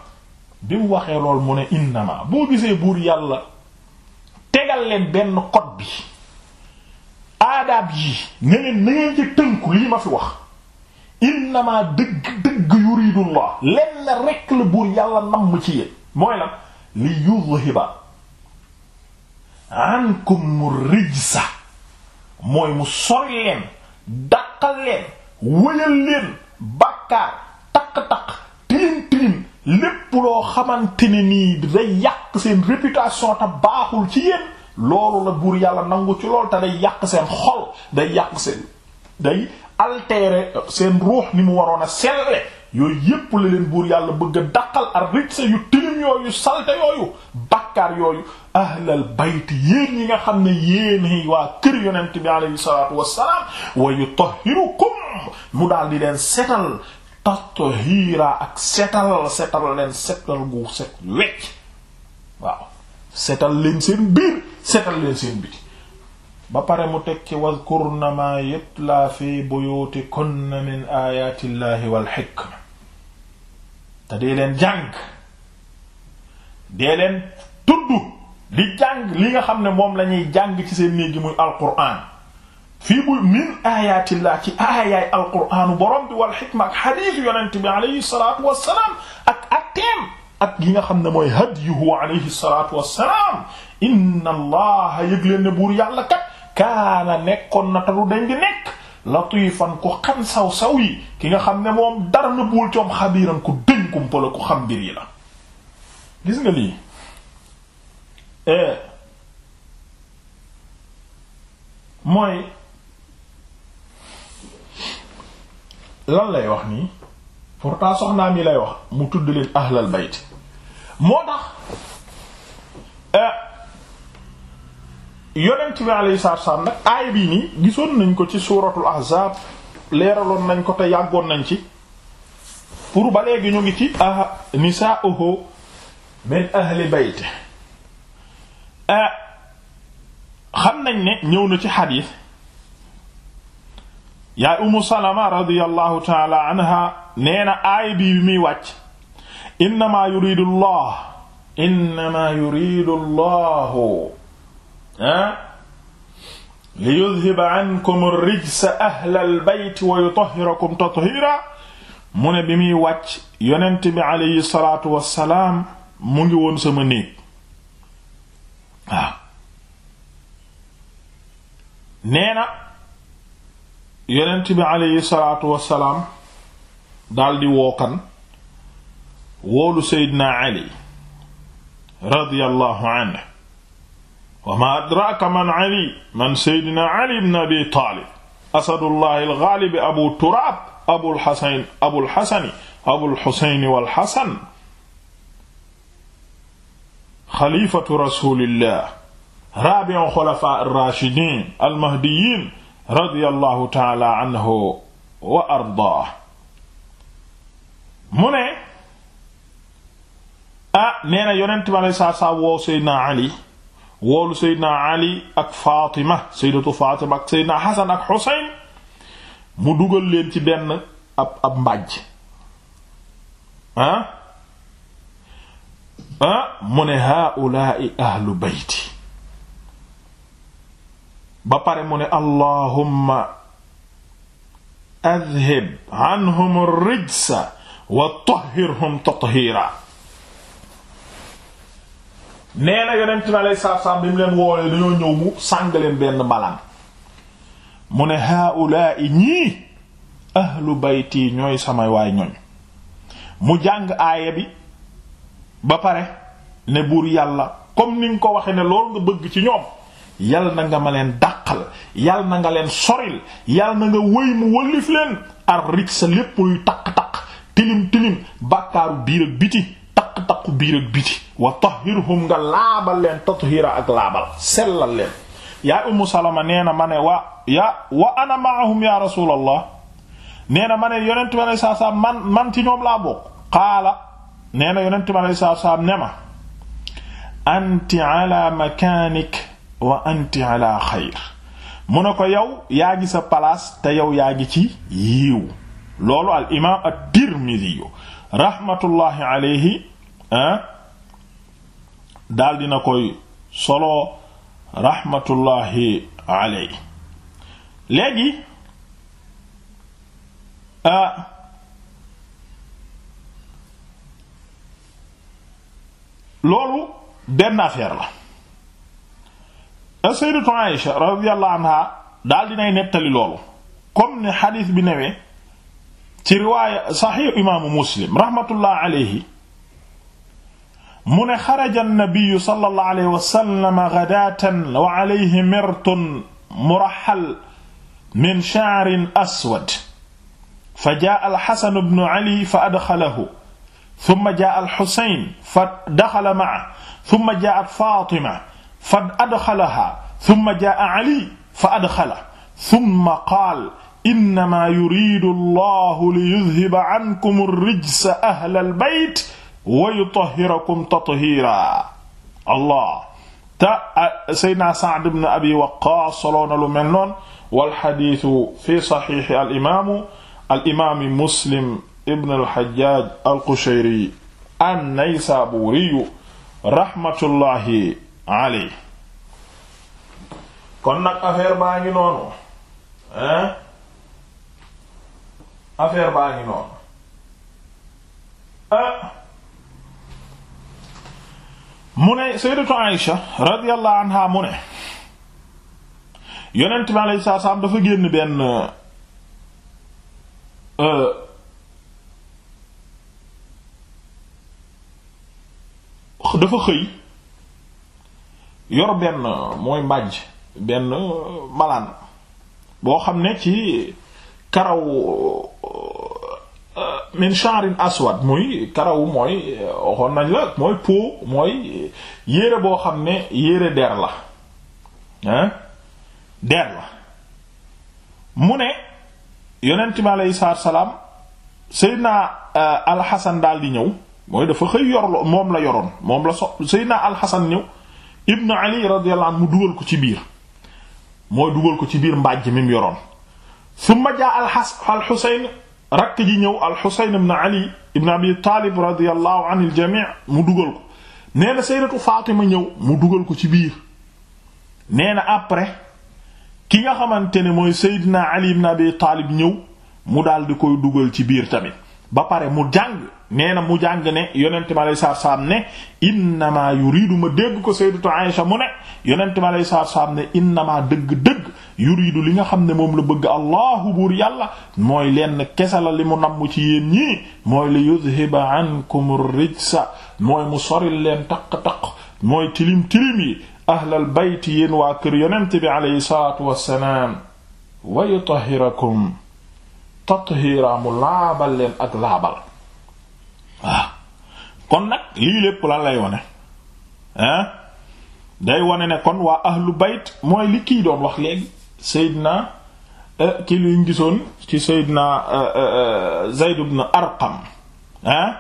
bi mu waxee lool mu ne innama boo gisee buur yàlla tegal leen benn code bi aadaab yi ne leen na ngeen lii ma fi wax innama dëgg dëgg yuridullah lenn rekk la buur yàlla namm ci yéen mooy la li yudhiba ankum rijsa mooy mu sori leen daqal leen wëyal leen bàkkaar taq-taq tilim tilim lépp loo xamante ne nii day yàq seen réputation te baaxul ci yéen loolu la buur yàlla nangu ci lool te day yàq seen xol day yàq seen day altéré seen ruux ni mu waroon a selle yooyu yépp la leen buur yàlla bëgg daqal ar rijse yu tilim yooyu salte yooyu bakkaar yooyu ahlal bayt yéen ñi nga xam ne yéen waa kër yonent bi alayhi salatu wassalaam wa yutahhirukum mu daal di leen setal tathiira ak setal setal leen gu set wecc waaw leen seen biir setal leen seen biti ba pare mu teg ci wadkurna ma yutla fi buyutikunna min ayati llahi wal hikma te dee leen jàng dee leen tudd di jàng li nga xam ne moom la ñuy jàng ci seen néeg yi muy alquran fii buy min ayatillah ci aayaay alquranu borom bi wal xikma ak xadiis yonent bi alayhi salatu wassalaam ak atteem ak yi nga xam ne mooy hadyuhu alayhi salatu wassalaam inna allaha yëg leen ne buur yàlla kat kaana nekkoon na talu dañ di nekk latifan ku xam saw-saw yi ki nga xam ne moom dara na buul coom xabiiran ku dëñ kumpala ku xam mbir yi la gis nga lii e, mooy lan lay wax nii pourtant soxnaam yi lay wax mu tudd leen ahlal bayt moo tax e, yonent bi alayhi salaam bii nii gisoon nañ ko ci suuratul ahzaab leeraloon nañ ko te yàggoon nañ ci pour ba léegi ñu ngi ci ah nisaa'uhu min ahli bayte ah, xam nañ ne ñëw na ci xadiis yaay umu salama radiyallahu taala anha nee na aaya bii bi muy wàcc innama yuridu allah innama yuridu ah li ankum al-bayt wa yutahhirakum tathira mu ne bi muy wàcc yonent bi aleyhi salaatu wassalaam mu ngi woon sama néeg waaw ah. nee na yonent bi aleyhi daldi wookan woolu seydina ali radiyallahu anhu wa ma adraka man ali man seydina ali ibn abi taalib asadullahi algaalib abu turaab abul hasan abul hasani abul husayn wal hasan xalifatu rasulillah raabi'u xulafaa ar-raashidiin al-mahdiyyiin radiyallahu ta'ala anhu wa ardaah mu ne ah nee na yonent bi alayhi salaatu wa salaam woo Seydina Ali woolu seydna ali ak fatima seydatu fatima ak seydna hasan ak xuseyn mu dugal leen ci benn ab ab mbàjj ah ah mu ne haulaai ahlu beyti ba pare mu ne allahumma adhib anhum rijsa wa tahhirhum tathiira nee na yonent mi aleyhi salaatu salaam bi mu leen woowee dañoo ñëw mu sàng benn mbalaan mu ne haa'ulaa'i ñii ahlu bayti ñooy samay waay ñoñ mu jàng aaya bi ba pare ne buur yàlla comme ni nga ko waxe ne loolu nga bëgg ci ñoom yal na nga ma leen dàqal yal na nga leen soril yal na nga wëy mu wëllif leen ar rijsa lépp luy taq-taq tilim tilim bàkkaaru biir ak biti làqu biir ak biti wa tahhirhum laabal leen tathira ak laabal sellal leen yaa ummu salama nee na ma ne waa yaa wa ana maahum ya rasulallah nee na ma ne yonent salaam man man ci ñoom laa bokk qaala nee na yonent salaam ne ma anti ala makaanik wa anti ala xayr mu ko yow yaa sa palaas te yow yaa ngi ci yiiw loolu al imaam at-Tirmidhi rahmatullahi alayhi ah daal dina koy solo raxmatullaahi aley léegi ah loolu benn affaire la sayyidatu Aïsha radiyallahu anha daal dinay nettali loolu comme ni xadiis bi newee ci riwaaya saxiix imaamu muslim raxmatullaahi aleyhi mu ne xaraja annabiyu sallallahu alayhi wa sallam ghadaatan wa alayhi mirtun murahal min sha'rin aswad fa jaa alxasan bnu ali fa adxalahu summa jaa alxusayn fa daxala ma'a summa jaa'at faatima fa adxalahaa summa jaa ali fa adxalahu summa qaal innamaa yuriidu allahu liyudhiba ankum ar-rijsa ahlal bayt wa yutahhirakum tathiira allah te Seydina Sa'd ibn Abi Waqqaas soloo na lu mel noonu wal xadiisu fi saxiixi al imaamu al imaami Muslim ibn al Hajjaaj al Qushayri an-Naysaabuuri rahmatullahi alayhi. kon nag affaire baa ngi noonu hein affaire baa ngi noonu ah. mu ne sayyidatu Aïsha radiyallahu anha mu ne yonent bi alayhi salaam dafa génn benn euh, dafa xëy yor benn mooy mbàjj benn euh, malaan boo xam ne ci karaw euh, Euh, min sha'rin aswad muy karawu mooy euh, waxoon nañ la mooy po mooy euh, yére boo xam ne yére der la hein la mu ne yonent bi aleyhi salaatu salaam seydna alxasan daal di ñëw mooy dafa xëy yorlo moom la yoroon moom la so seydna alxasan ñëw ibnu ali radiyallahu mu dugal ko ci biir mooy dugal ko ci biir mbàjj mi yoroon summa jaa alxas alxuseyn rakk ji ñëw alxusayn ibn ali ibn abi taalib radiallahu an il jamii mu dugal ko nee na sayyidatu faatima ñëw mu dugal ko ci biir nee na après ki nga xamante ne mooy seydina ali ibn abi taalib ñëw mu daal di koy dugal ci biir tamit ba pare mu jàng nee na mu jàng ne yonent mi alayhi salaatu salaam ne innamaa yuriidu ma dégg ko sayyidatu Aisha mu ne yonent mi alayhi salaatu salaam ne innamaa dëgg-dëgg yuriidu li nga xam ne moom la bëgg allahu buur yàlla mooy leen kese la li mu namm ci yéen ñii mooy li yudhiba ankumu rijsa mooy mu soril leen taq-taq mooy tilim tilim yi ahlal bayt yéen waa kër yonent bi alayhi salaatu wassalaam wa yutahhirakum tathiira mu laabal leen ak laabal waaw kon nag lii lépp lan lay wone hein day wone ne kon waa ahlu bayt mooy li kii doon wax léegi Seydina eh, ki luñ gisoon ci Seydina eh, eh, Zayd ibn Arqam hein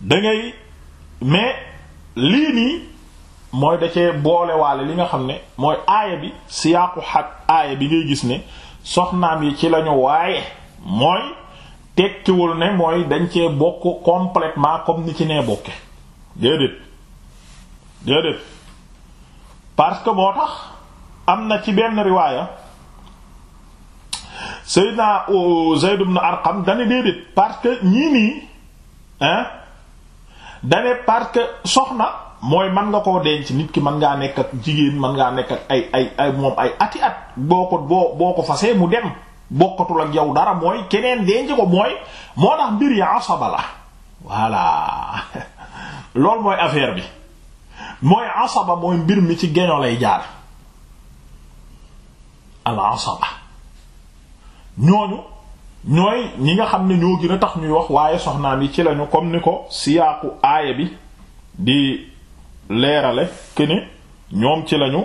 dangay mais lii nii mooy da cee boolewaale li nga xam ne mooy aaya bi siyaaqu xaq aaya bi ngay gis ne soxnaam yi ci lañu waaye mooy tekkiwul ne mooy dañ cee bokk completement comme ni ci nee bokke déedéet déedéet parce que boo tax am na ci benn riwaaya Seydina euh, Zayd ibn Arqam dane déedéet parce que ñii nii hein parce que soxna mooy man nga koo denc nit ki mën ngaa nekk ak jigéen mën ngaa nekk ak ay ay ay moom ay ati at boo ko boo boo ko fasee mu dem bokkatul ak yow dara mooy keneen denc ko mooy moo tax mbir yi asaba la voilà loolu mooy affaire bi mooy asaba mooy mbir mi ci geño lay jaar al asaba ñooñu ñooy ñi nga xam ne ñoo gën a tax ñuy wax waaye soxnaam yi ci lañu comme ni ko siyaaqu aaya bi di leerale këne ñoom ci lañu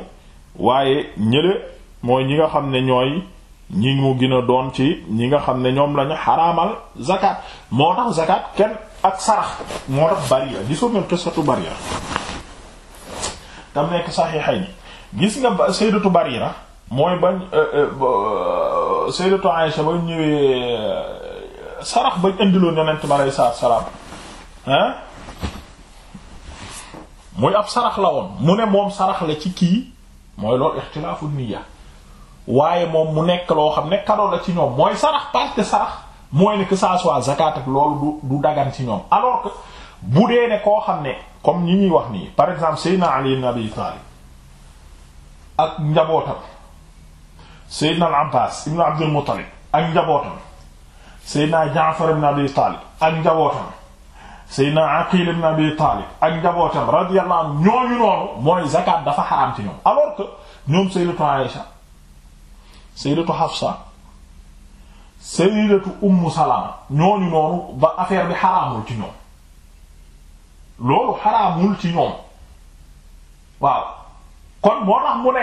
waaye ñële mooy ñi nga xam ne ñooy ñi mu gën a doon ci ñi nga xam ne ñoom lañu xaraamal zakat moo tax zakat kenn ak sarax moo tax bariya gisoon nga qissatu bariya tam nekk saxiixay ni gis nga sayyidatu barira mooy bañ sayyidatu Aisha ba euh, euh, euh, ñëwee sarax bañ indiloo yonent bi aleyhi salaatu wa salaam muy ab sarax la woon mu ne moom sarax la ci kii mooy loolu ixtilaafu niyya waaye moom mu nekk loo xam ne cadeau la ci ñoom mooy sarax parce que sarax mooy ne que ça soit zakat ak loolu du du dagan ci ñoom alors que bu dee ne koo xam ne comme ñi ñuy wax nii par exemple Seydina Ali ibn Abi Talib ak njabootam Seydina al-Abbas ibn Abdul ak njabootam Seydina Jaafar ibn Abi ak njabootam Seydina Aqil ibn Abi Talib ak njabootam radiyallahu anhu ñooñu noonu mooy zakat dafa xaraam ci ñoom alors que ñoom Sayyidatu Aïcha Sayyidatu Hafsa Sayyidatu Ummu Salama ñooñu noonu ba affaire bi xaraamul ci ñoom loolu xaraamul ci ñoom waaw kon moo tax mu ne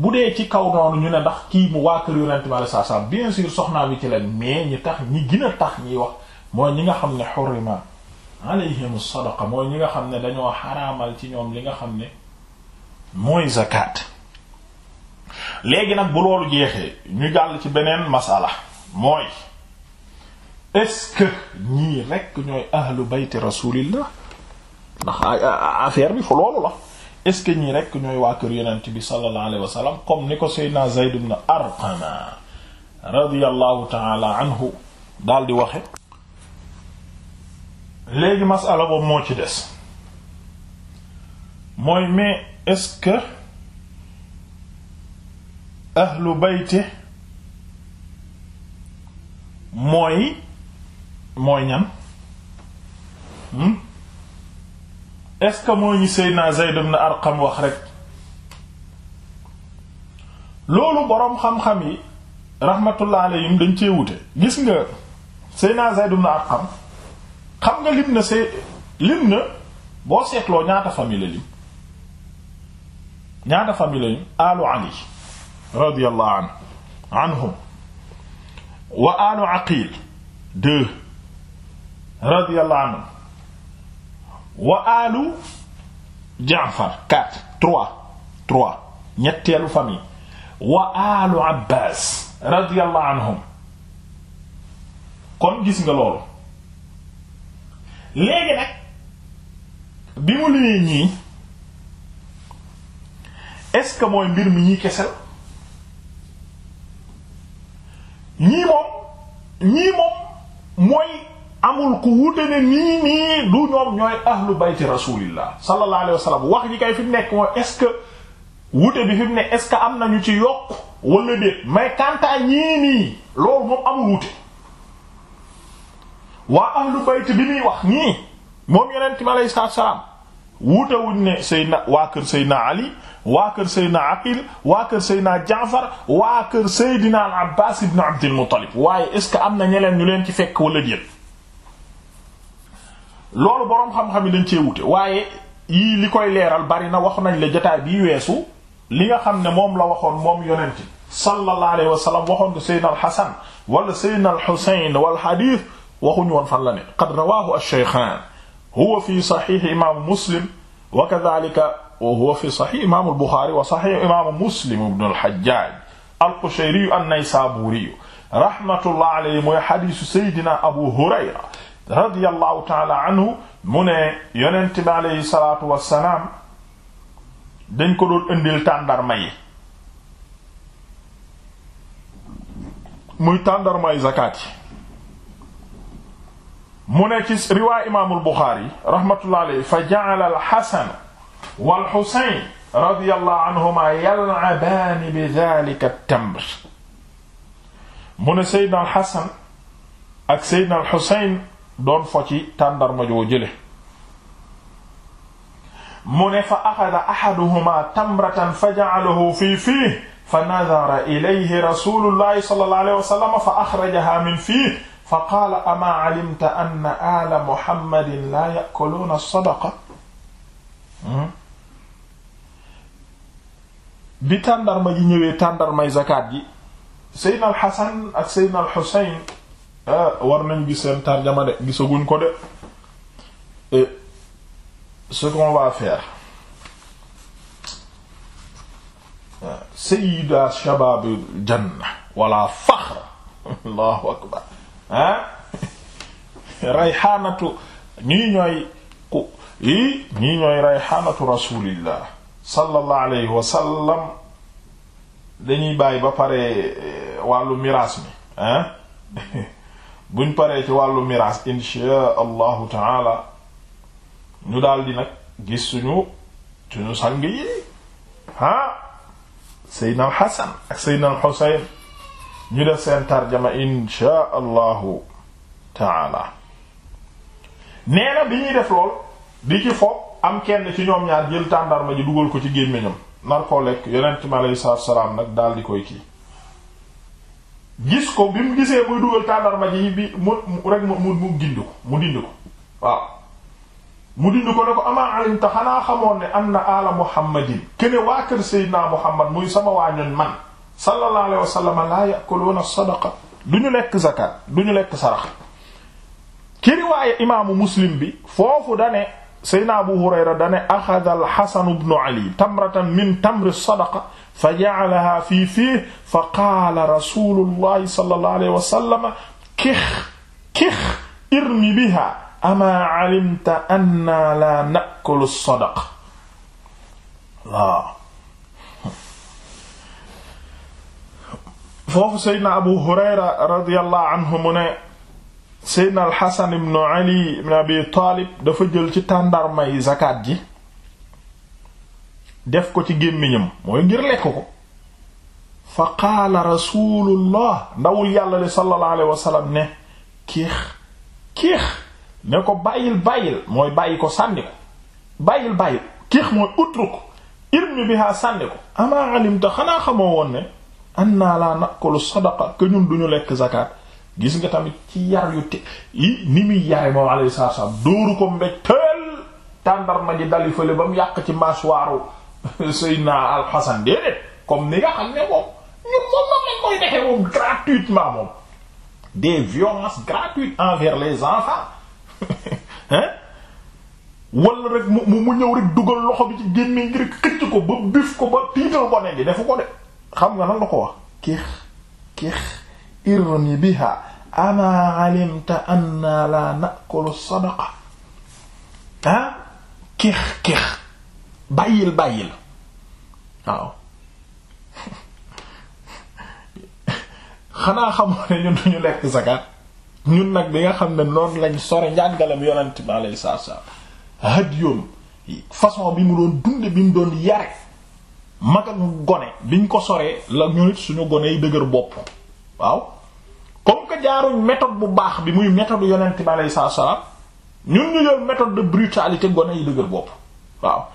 bu dee ci kaw noonu ñu ne ndax kii mu waa kër Yonent bi alayhi salaam bien sûr soxnaa wi ci leen mais ñi tax ñi gën a tax ñiy wax mooy ñi nga xam ne xurima alayhim sadaqa mooy ñi nga xam ne dañoo xaraamal ci ñoom li nga xam ne mooy zakat léegi nag bu loolu jeexee ñu jàll ci beneen masala mooy est-ce que ñii rekk ñooy ahlu bayti rasulillah ndax affaire bi fu la est-ce que ñii rekk ñooy waa kër yonent bi sallallahu alayhi wa sallam ni ko seydna Zayd ibn Arqama radiyallahu ta'ala anhu daal di waxe léegi masala boobu moo ci des mooy mais est que ahlu bayti mooy mooy ñan hmm? est-ce que mooy ñi Seydina Zayd na Arqam wax rek loolu boroom xam-xam yi rahmatullah alayhim dañ cee wute gis nga Seydina Zayd ibn Arqam xam nga lim na see lim na boo seetloo ñaata famille lim ñaata famille lim alu ali radiyallahu an anhum wa alu aqil deux radiyallahu wa alu jaafar quatre trois trois ñetteelu famille wa alu abbas radiyallahu anhum kon gis nga loolu léegi nag bi mu limee ñii est-ce que mooy mbir mi ñii kese la ñii moom ñii moom mooy amul ku wute ne nii nii lu ñoom ñooy ahlu bayti rasulillah sallallahu alayhi wa sallam wax ji kay fi nekk mooy est-ce que wute bi fi mu ne est-ce que am na ñu ci yokk wala déet mais quant à ñii nii loolu moom amul wute. waa ahlu bayt bi muy wax ñii moom yonent mi aleyhi salaatu salaam wutewuñ ne Seydina waa kër Seydina Ali waa kër Seydina Aqil waa kër Seydina Jaafar waa kër Seydina al Abbaas ibn Abdul Muttalib waaye est-ce que am na ñeneen ñu leen ci fekk wala déet loolu boroom xam-xam yi dañ cee wute waaye yii li koy leeral bari na wax nañ la jotaay bii weesu li nga xam ne moom la waxoon moom yonent sallallahu alayhi wa sallam waxoon ko Seydina al Hasan wala Seydina al Husayn wal hadith waxuñu woon fan la ne qad rawahu ash-shaykhan huwa fi saxix imam muslim wa kadhalika wa huwa fi saxix imam al-bukhari wa saxix imam muslim ibn al-hajjaj al-qushayri an-naysaburi rahmatullah alayhi mooy xadiisu saydina abu hurayra radiyallahu taala anhu mu ne yonent bi aleyhi salaatu wassalaam dañ ko doon indil tàndarma yi muy tàndarma yi zakaat yi mu ne ci riwaay imaamul Buxaari rahmatullahi alayhi fa ja'ala al-Hasan wal-Husayn radiyallahu anhuma yal'abaani bi dhaalika at-tamr mu ne Seydina al-Hasan ak Seydina al-Husayn doon fo ci tàndarma joo jële mu ne fa axada axaduhuma tamratan fa ja'alahu fii fiihi fa nadara ilayhi rasuulullahi sallallahu alayhi wa sallam fa axrajahaa min fiihi fa qaala ama alimta anna ala muhammadin laa yakuluuna sadaqa bi tàndarma ji ñëwee tàndarmay zakaat ji seydna al xasan ak seydna al xusayn eh, war nañ gis seen tarjama de gisaguñ ko de ce qu'on va faire eh, sayida shababil janna wala faxr allahu akbar ah rayxaanatu ñii ñooy ku i ñii ñooy rayxaanatu rasulillah sallallahu alayhi wa sallam dañuy bàyyi ba pare eh, wàllu miraas mi ah buñ pare ci wàllu miraas insha allahu taala ñu daldi nag gis suñu suñu sang yi ah al xasan ak al xuseyn ñu def seen tarjama insha allahu taala nee na bi ñuy def lool di ci foog am kenn ci ñoom ñaar jël tàndarma ji dugal ko ci gémmiñam nar koo lekk yonent mi aleyhi salaam nag daal di koy kii gis ko bi mu gisee muy dugal tàndarma ji bi mu rek mu mu dind ko mu dind ko waaw mu dind ko ne ko amaa alimta xanaa xamoon ne am na ala muhammadin kene waa kër seydinaa muhammad muy sama waa man sallallahu alayhi wa sallam laa yakuluuna sadaqa du ñu lekk zakat du ñu lekk sarax ci riwaaya imaamu muslim bi foofu dane seydna abu hurayra dane axada alxasanu bnu ali tamratan min tamri sadaqa fa ja'alaha fii fii fa qaala rasulullahi sallallahu alayhi wa sallam kix kix irmi biha ama alimta anna la nakulu sadaqa waaw foofu seydna abu hurayra radiallahu mu ne seydna alxasan ibnu ali ibn abi taalib dafa jël ci tàndarmay zakat ji def ko ci gémmiñam mooy ngir lekk ko fa qaala rasulullah ndawul yàlla li sallallahu alayhi wasallam ne kiix kiix ne ko bàyyil bàyyil mooy bàyyi ko sànni ko bàyyil bàyyil kiix mooy utruk irmi biha sànni ko amaa alimta xanaa xamoo woon ne naa laa nakulu sadaqa que ñun duñu lekk zakat gis nga tamit ci yar yu te i ni muy yaay moom alayhi salaatu salaam dóoru ko mbéj tël tàndarma ji dali fële ba mu yàq ci mâchoire Seydina Al-Hasan déedéet comme ni nga xam ne moom ñun moom moom lañ koy defee moom gratuitement moom des violences gratuites envers les enfants hein wala rek mu mu ñëw rek dugal loxo bi ci génne ngir xëcc ko ba bif ko ba tiital ko ne defu ko de xam nga lan la ko wax kix kix irmi biha ama alimta anna la nakulu sadaqa ah kix kix bàyyil bàyyil waaw xanaa xamoo ne ñun duñu lekk zakat ñun nag bi nga xam ne noonu lañ sore njàngalem yonent bi alayhi salaatu wa salaam hadiyoom façon bi mu doon dunde bi mu doon yare mag ak gone biñ ko soree la ñu nit suñu gone yi dëgër bopp waaw comme que jaaruñ méthode bu baax bi muy méthode yonent bi aleyhi salaatu salaam ñun ñu yor méthode de brutalité gone yi dëgër bopp waaw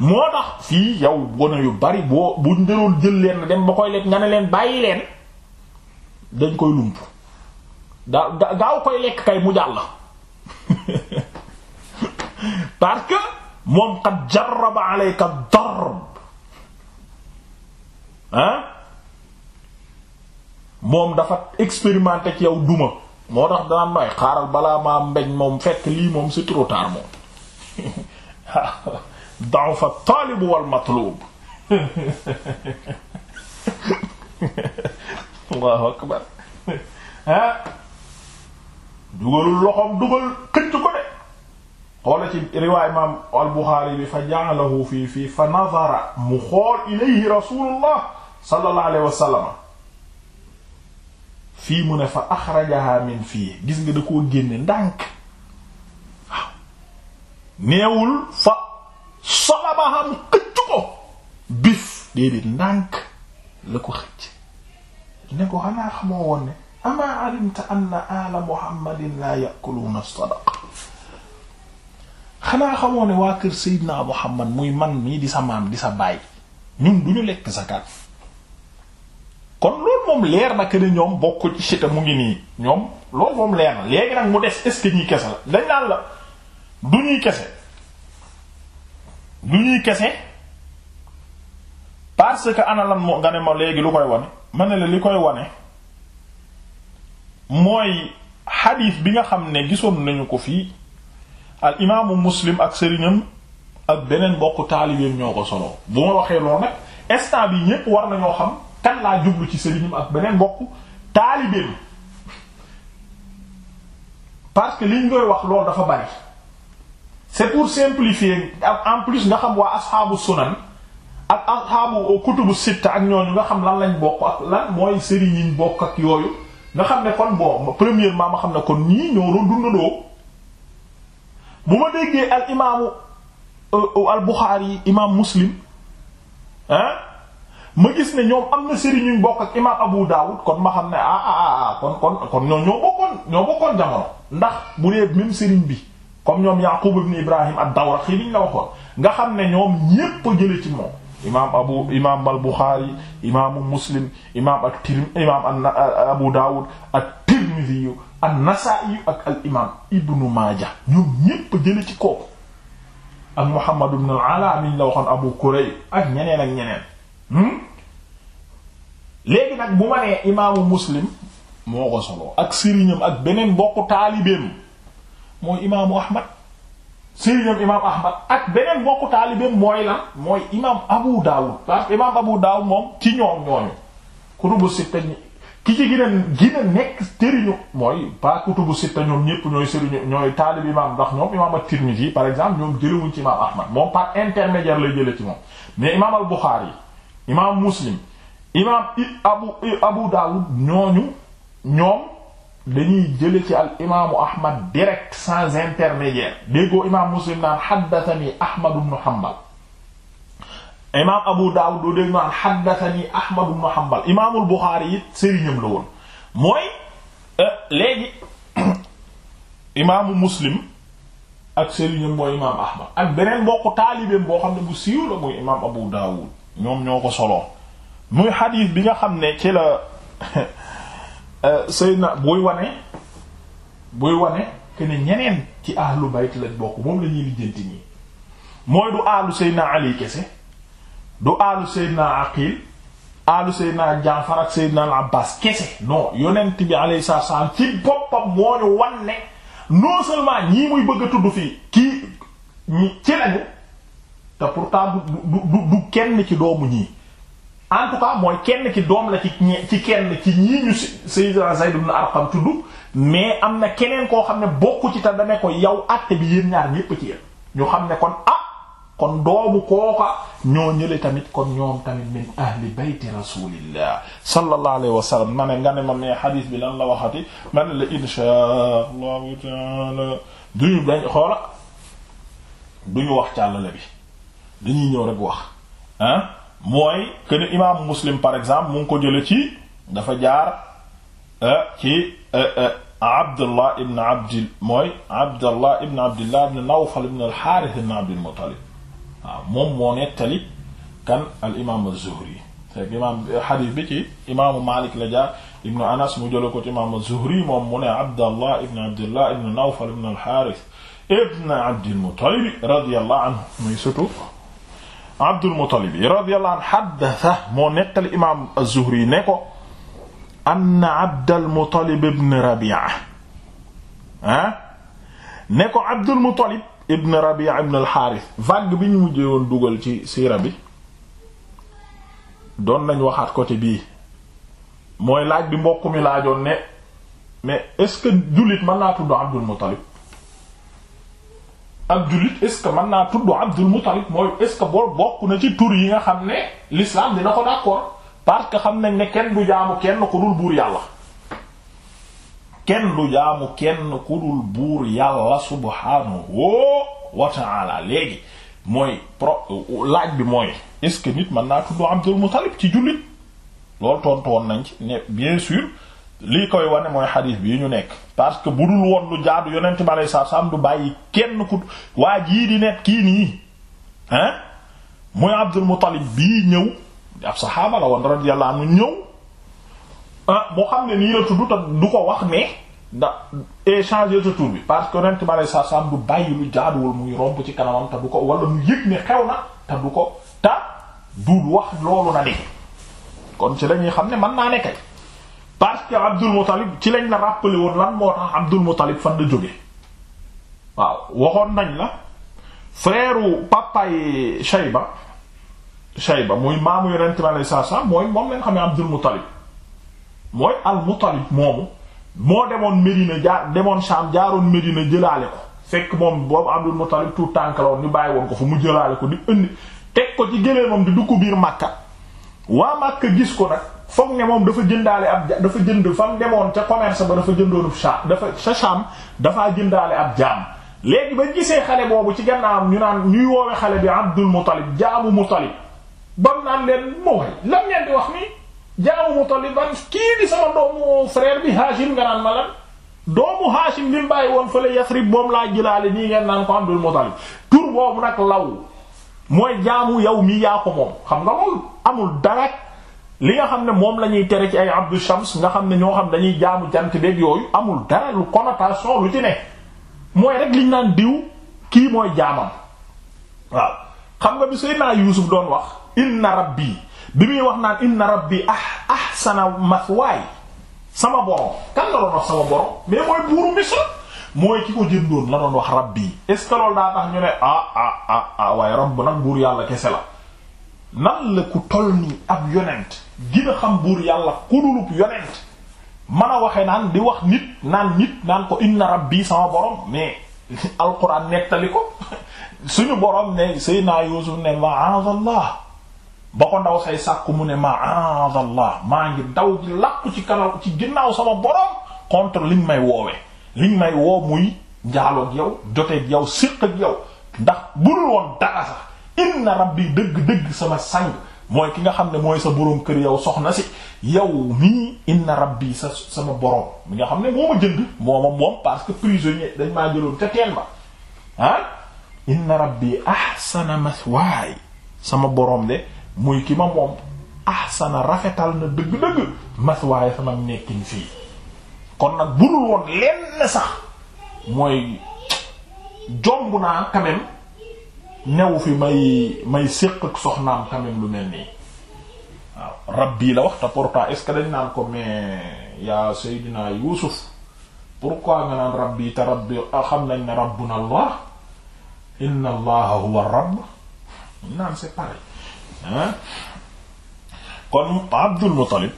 moo tax fii yow gone yu bari boo bu ndëroon jël leen dem ba koy lekk nga ne leen bàyyi leen dañ koy lump daa gaaw koy lekk kay mu jàll parce que moom xat jaraba aleyka darb ah moom dafa expérimenté ci yow duma moo tax danaan may eh, xaaral balaa maa mbeñ moom fekk lii moom c'est trop moom daaw fa taalib wal matlub allahu akbar ah dugalul loxoom dugal xëcc ko de xoola ci riwaay imaam al bi fa ja'alahu fii fii fa nazara mu xool ilayhi rasulullah sallallahu alayhi wa sallam fii mu ne fa axrajaha min fii gis nga da koo génne ndànk waaw neewul fa solabaham xëcc ko bif déedéet ndànk la ko xëcc ne ko xanaa xamoo woon ne amaa alimta anna ala muhammadin la ya'kuluna sadaqa xanaa xamoo ne waa kër Seydina Muhammad muy man mii di sa maam di sa baay ñun duñu lekk zakat kon loolu moom leer na que ne ñoom bokk ci chita mu ngi nii ñoom loolu moom leer na léegi nag mu des est ce que ñuy kese la dañ naan la du ñuy kese du ñuy kese parce que ana lan moo nga ne ma léegi lu koy wane ma ne la li koy wane mooy xadiis bi nga xam ne gisoon nañu ko fii al imaamu muslim ak sëriñam ak beneen bokk taalibeem ñoo ko solo bu ma waxee loolu nag instant bi ñépp war nañoo xam kan laa jublu ci sëriñum ak beneen mbokk taalibeem parce que liñ koy wax loolu dafa bari c'est pour simplifier en plus nga xam waa asxaabu sunan ak asxaabu kutubu sit ak ñooñu nga xam lan lañ bokk ak lan mooy sëriñ bokk ak yooyu nga xam ne kon bon premièrement ma xam ne kon ñii ñoo doon dundandoo bu ma déggee al imaamu euh, al Buxaari imaam Muslim hein ma gis ne ñoom am na sëriñ ñu bokk ak imaam Abu Dawud kon ma xam ne ah ah ah, ah kon kon kon ñoo ñoo bokkoon ñoo jamono ndax bu dee même sëriñ bi comme ñoom Yaqub ibn Ibrahim ad-Dawraqi liñ la waxoon nga xam ne ñoom ñépp a ci moo imaam abu imaam al Bukhari imaamu Muslim imaam ak Tirmi imaam ak Tirmidhi an-Nasa'i ak al imaam Ibn Maaja ñoom ñépp a jële ci kooku ak Muhammad ibn al-Ala miñ la waxoon Abu Kurayb ak ñeneen ak ñeneen Hmm? léegi nag bu ma nee imaamu muslim moo ko solo ak sëriñam ak beneen bokku taalibeem mooy imaamu ahmad sëriñam imaam ahmad ak beneen bokku taalibeem mooy la mooy imaam abu daawud parce que imaam abu daawud moom ci ñoom ñooñu kutubu sitta ki ci gën a gën a nekk sëriñu mooy pas kutubu sitta ñoom ñépp ñooy sëriñu ñooy taalib imaam ndax ñoom imaam at-Tirmidhi par exemple ñoom jëlewuñ ci imaam ahmad moom par intermédiaire lay jële ci moom mais imaam al imaam muslim imaam abu abu ñooñu ñoom dañuy jële ci al imaamu ahmad direct sans intermédiaire déggoo imaam muslim naan xaddatani ahmad ibn hanbal imaam abu daawud doo la woon mooy euh, léegi imaamu muslim ak sëriñam mooy imaam ahmad ak beneen mbokku taalibeem boo xam ne bu siiw la muy imaam abu daawud ñoom ñoo ko soloo muy xadiis bi nga xam ne ci la euh, Seydina buy wane buy wane que ne ñeneen ci ahlu bayt lañ bokk moom la ñuy lijjanti ñi mooy du aalu Seydina Ali kese du aalu naa Aqil aalu Seydina Jaafar ak Seydina al Abbas kese non yonent bi alayhi salaatu salaam ci boppam moo ñu wan ñii muy bëgg a tudd fii kii ci lañu te pourtant du du du kenn ci doomu ñii en tout cas mooy kenn ci doom la ci ci kenn ci ñii ñu Sayyidina Zayd ibn Arqam tudd mais am na keneen koo xam ne bokku ci ta dane ko yow àtte bi yéen ñaar ñépp ci yéen ñu xam ne kon a ah, kon doomu kooka ñoo ñële tamit kon ñoom tamit min ahli bayti rasulillah sallallahu alayhi wa sallam ma ne nga ne ma mais bi lan la waxati ma ne la insha allahu taala duñu dañ xoola duñu wax càllale bi dañuy ñëw rek wax ah mooy que ne imaamu muslim par exemple mu ngi ko jële ci dafa jaar euh, ci euh, euh, abdullah ibn abdil mooy abdullah ibn abdillah ibn nawfal ibn alxaaris ibn abdil muttalib waaw moom moo nettali kan al imaam az-zuhri fekk imaam xadiis bi ci imaamu malik la jaar ibnu anas mu jële ko ci imaam az-zuhri moom mu ne abdullah ibn abdillah ibn nawfal ibn alxaaris ibn abdil muttalib radiyallahu anhu muy sutu Abdul Muttalib radiyallahu a haddatha moo nettali imaam az-Zuhri ne ko anna Abdul Muttalib ibn Rabi'a ah ne ko Abdul Muttalib ibn Rabi'a ibn vague bi ñu mujjee dugal ci siira bi doon nañ waxaat côté bii mooy laaj bi mbokk mi laajoon ne mais est-ce que jullit mën naa tudd Abdul Muttalib ab jullit est-ce que mën naa tudd Abdul Muttalib mooy est-ce que boo bokk na ci tur yi nga xam ne l'islam dina ko d'accord parce que xam nañ ne kenn du jaamu kenn ku dul buur yàlla kenn du jaamu kenn ku dul buur yàlla subhaanahu wa ta'ala léegi mooy pro laaj bi mooy est-ce que nit mën naa tudd Abdul Muttalib ci jullit loolu tontu woon nañ ci bien sûr lii koy wane mooy xadiis bi ñu nekk parce que bu dul woon lu jaadu yonent ba lay saar saam du bàyyi kenn ku waa jii di nekk kii nii hein muy Abdul Muttalib bii ñëw ab saxaaba la woon radiyallahu anhu ñëw ah moo xam ne nii la tudd te du ko wax ne ndax échanger eh, sa tur bi parce que yonent ba lay saar saam du bàyyi lu jaaduwul muy romb ci kanamam te du ko wala mu yëg ne xew na te du ko te du wax loolu na ni kon ci lañuy xam ne mën naa ne parce que Abdul Muttalib ci lañ la rappelé woon lan moo tax Abdul Muttalib fan la jóge waaw waxoon nañ la frère u papaay Shayba Shayba muy maamu Yonent bi alayhi salaatu salaam mooy moom lañ xam ne Abdul Muttalib moomu moo demoon Medina jaar demoon Sham jaaroon Medina jëlaale ko fekk moom boobu Abdul Muttalib tout tànk la woon ñu bàyyi woon ko fu mu jëlaale ko di indi teg ko ci gëléemam di dugg biir Makka waa Makka gis ko nag. foog ne moom dafa jëndaale ab dafa jënd fam demoon ca commerce ba dafa jëndoonub cha dafa sa cham dafaa jëndaale ab jaam léegi ba gisee xale boobu ci gannaawam ñu naan ñuy woowe xale bi Abdul Muttalib jaamu Muttalib bam naan leen mooy lan ngeen di wax ni jaamu Muttalib ban kii di sama doomu frère bi Hashim nga naan ma lan doomu Hashim bi mu bàyyi woon fële Yasrib moom laa jëlaale nii ngeen naan ko Abdul Muttalib tur boobu nag law mooy jaamu yow mi yaa ko moom xam nga loolu amul dara li nga xam ne moom lañuy ñuy tere ci ay abdu shams nga xam ne ñoo xam dañuy jaamu jant beeg yooyu amul dara lu connotation lu ci ne mooy rek liñ naan diw kii mooy jaamam waaw xam nga bi Seydina Yuusuf doon wax inna rabbi bi muy wax naan inna rabbi ah ahsana mathwaay sama borom kan la doon wax sama borom mais mooy buuru Misr mooy ki ko jëndoon la doon wax rabbi ah, ah, ah, ah waaye rabb nag buur yàlla kese la nan la ku toll nii ab yonent gina xam buur yàlla kudulub yonent man a waxe naan di wax nit naan nit naan ko inna rabbi sama borom mais alquran nettali ko suñu borom ne naa Yuusuf ne ma'aazallah ba ko ndaw say sàkku mu ne ma'aazallah maa ngi daw di làkku ci kanam ci ginnaaw sama borom contre liñ may woowee liñ may woo muy njaaloog yow joteeg yow siq ak yow ndax bu dul woon dara sax inna rabbi dëgg-dëgg sama sang mooy ki nga xam ne mooy sa boroom kër yow soxna si yow mii inna rabbi sa sama borom mi nga xam ne moo ma jënd moo ma moom parce que prisonnier dañ maa jëloon ca teen ba ah inna rabbi ahsana maswaay sama borom de muy ki ma moom ahsana rafetal na dëgg-dëgg maswaay sama nekkin fii kon nag bu dul woon lenn sax mooy jomb naa quand new fi may may séq ak soxnaam tamit lu mel nii rabbi la wax te pourtant est ce que dañ naan ko mais yaa Seydina Yuusuf pourquoi nga naan rabbi te rabbi ah, xam nañ ne rabbuna allah inna allaha huwa rabb naan c'est pareil hein kon Abdul Muttalib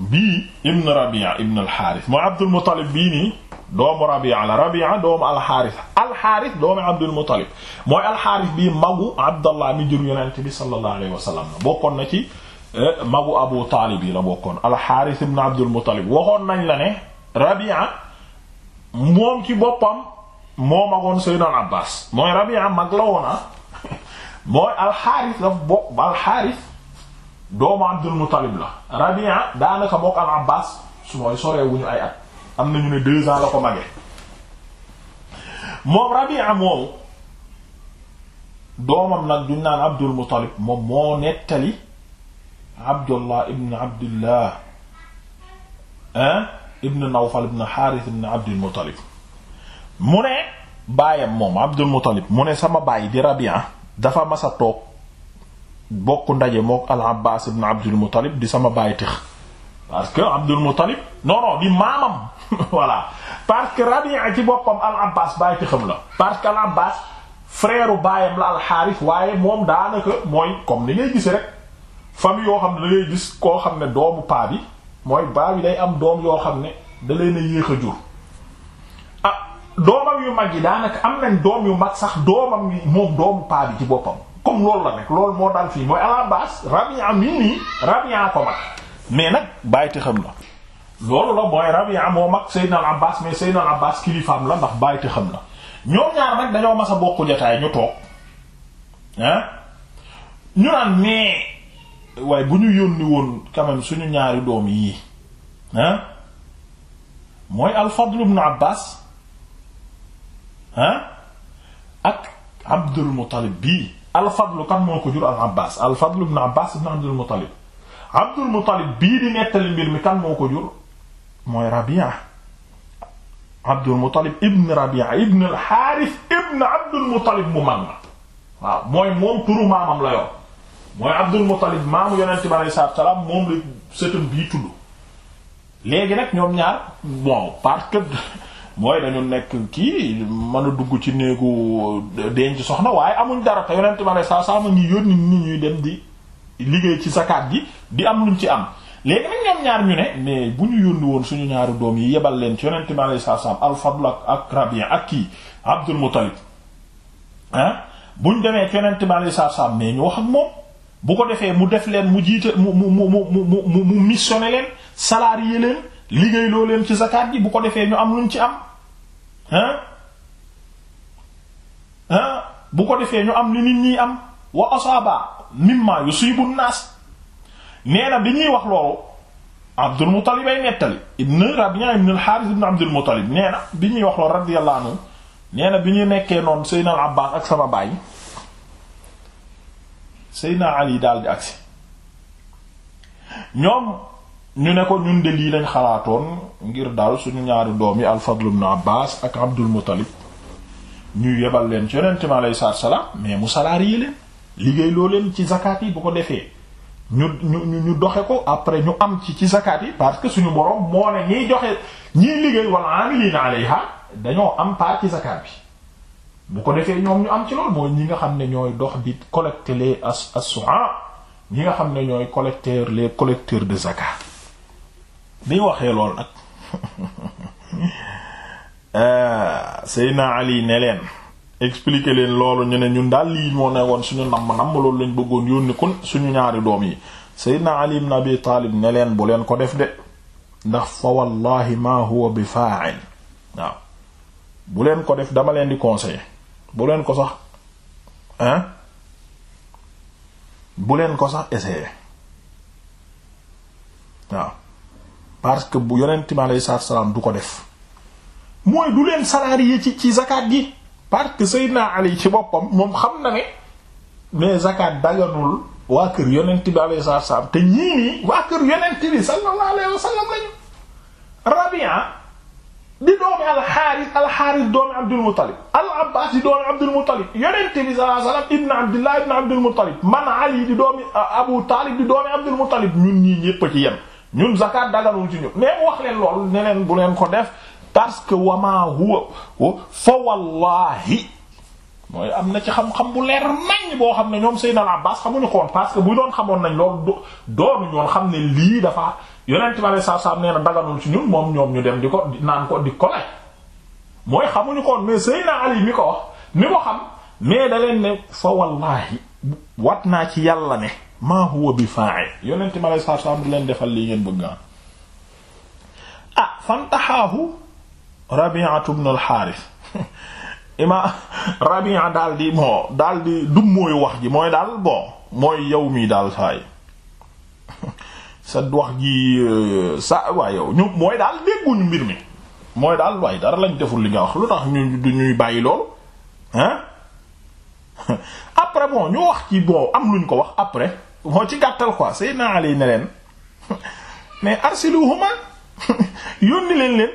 bii ibn Rabia ibn al moo Abdul Muttalib bii nii doomu Rabi'a la Rabi'a doomu alxaaris alxaaris doomu Abdul mooy alxaaris bii magu Abdallah mi jur yonent bi na ci eh, magu Abu Taalib yi la bokkoon alxaaris ibn Abdul Muttalib waxoon nañ la ne Rabi'a ci boppam moo magoon Sayyidina Rabi'a mag la woon ah mooy su mooy soree wuñu ay at. am nañu ne deux ans la ko magee moom Rabi'a moomu doomam nag duñ naan Abdul Muttalib moom moo nettali Abdullah ibn Abdullah hein ibn Nawfal ibn Harith ibn Abdul Muttalib mu ne baayam moom Abdul Muttalib mu ne sama baay di Rabi'a dafa masa toog bokk ndaje mook al Abbaas ibn Abdul Muttalib di sama baay tëx parce que Abdul Muttalib non non maamam voilà parce que Rabi'a ci boppam al-Abbas bàyyi ci xam la parce que al-Abbas freeru baayam la al waaye moom daanaka mooy comme ni ngay gis rek famille yoo xam ne dangay gis koo xam ne doomu paa bi mooy baa bi day am doom yoo xam ne da leen a yéex a jur ah doomam yu mag yi daanaka am nañ doom yu mag sax doomam moom doomu paa bi ci boppam comme loolu la nekk loolu moo dal fii mooy al-Abbas Rabi'a mii nii Rabi'a ko mag mais nag bàyyi ci xam la loolu la mooy Rabi'a moo mag Seydina al Abbas mais Seydina al Abbas kilifaam la ndax bàyyite xam na ñoom ñaar nag dañoo mas a bokku jotaay ñu toog ah ñu naan mais waaye bu ñu yónni woon quand même suñu ñaari doom yii ah mooy al Fadl ibn Abbas ah ak Abdul Muttalib bii al Fadl kan moo ko jur al Abbas al Fadl ibn Abbas ibn Abdul Muttalib Abdul Muttalib bii di nettali mbir mi kan moo ko jur mooy Rabia Abdul Muttalib ibn Rabia ibn al-Harith ibn Abdul Muttalib mu mag ma waaw mooy moom turu maamam la yoon mooy Abdul Muttalib maamu yonent bi aleyhi salaatu wa salaam moom la sëtam bii tudd léegi nag ñoom ñaar bon parce que mooy dañu nekk kii mën a dugg ci néegu denc soxna waaye amuñ dara te yonent bi aleyhi salaatu wa salaam a ngi yónni nit ñuy dem di liggéey ci zakat gi di am luñ ci am léegi nag ñoom ñaar ñu ne mais bu ñu yónni woon suñu ñaari doom yi yebal leen ci yonent bi alayhi salaam al-Fadl ak Rabia ak kii Abdul Muttalib ah bu ñu demee ci yonent bi alayhi salaam mais ñu wax ak moom bu ko defee mu def leen mu jiite mu mu mu mu mu mu missionné leen leen liggéey loo leen ci zakat ji bu ko defee ñu am luñ ci am bu ko defee ñu am lu nit ñi am wa asaba mimma yusibu naas neena bi ñuy wax loolu Abdul Muttalib ay nettali ibn Rabi'a ibn al-Harith Abdul Muttalib nee bi ñuy wax loolu radiyallahu anhu bi ñu nekkee noonu Seydina Abbas ak sama baay Seydina Ali daal di agsi ñoom ñu ne ko ñun de lii lañ xalaatoon ngir daal suñu ñaari doom yi al-Fadl ibn ak Abdul Muttalib ñu yebal leen ci yonent mi salaam mais mu salarié leen liggéey loo leen ci zakat yi bu ko defee ñu ñu ñu doxe ko après ñu am ci ci zakat yi parce que suñu borom moo ne ñiy joxe ñiy liggéey wala amilina alayha dañoo am part ci zakat bi bu ko defee ñoom ñu am ci loolu mooy ñi nga xam ne ñooy dox di collecter les as-su'a ñi nga xam ne ñooy collecteur les collecteurs de zakat bi waxee lool nag euh, Seydina Ali ne leen expliquer leen loolu ñu ne ñun daal lii moo ne woon suñu namm namm loolu lañ bëggoon yónni kon suñu ñaari doom yi Seydina Ali ibn Abi Taalib ne leen bu leen ko def de ndax fa wallahi ma huwa bi fa'il waaw bu leen ko def dama leen di conseiller bu ko sax hein bu leen ko sax essayer waaw parce que bu yonent mi alayhi salaam du ko def mooy du leen salarié ci ci zakat gi parce que Seydina Ali ci boppam moom xam na ne mais zakat daganul waa kër yonent bi salaam te ñii nii waa kër yonent bi sallallahu alayhi wa sallam lañu Rabia di doomi alxaaris alxaaris doomi Abdul Muttalib al Abbaas di doomi Abdul Muttalib yonent bi sallallahu alayhi wa sallam ibn Abdillah ibn Abdul Muttalib man Ali di doomi euh, Abu Taalib di doomi Abdul Muttalib ñun ñii ñépp ci daganul ci ñun mais wax leen lool ne leen bu leen ko def parce que wama huwa fa wallahi mooy am na ci xam-xam bu leer nañ boo xam ne ñoom na Seydina Abbas xamuñu ko woon parce que bu doon xamoon nañ loolu doonu ñoon xam ne lii dafa yonent ma saa saa nee na daganul ci ñun moom ñoom ñu dem di ko naan ko di ko laaj mooy xamuñu ko woon mais Seydina Ali mi ko wax mi ko xam mais da ne fa wallaahi wat naa ci yàlla ne maa huwa bi faa'il yonent bi saa saa du leen defal lii ngeen bëgg ah fantaxaahu rabi'atu ibn al-Harith ima rabi'a daal di moo daal di dum mooy wax ji mooy daal bon mooy yow mii daal saay sa wax ji sa waay yow ñu mooy daal dégguñu mbir mi mooy daal waaye dara lañ deful li nga wax lu tax ñu du ñuy bàyyi loolu hein après bon ñu wax ci bon am luñ ko wax après moo ci gàttal quoi Seydina Ali ne mais arsiluhuma yónni leen leen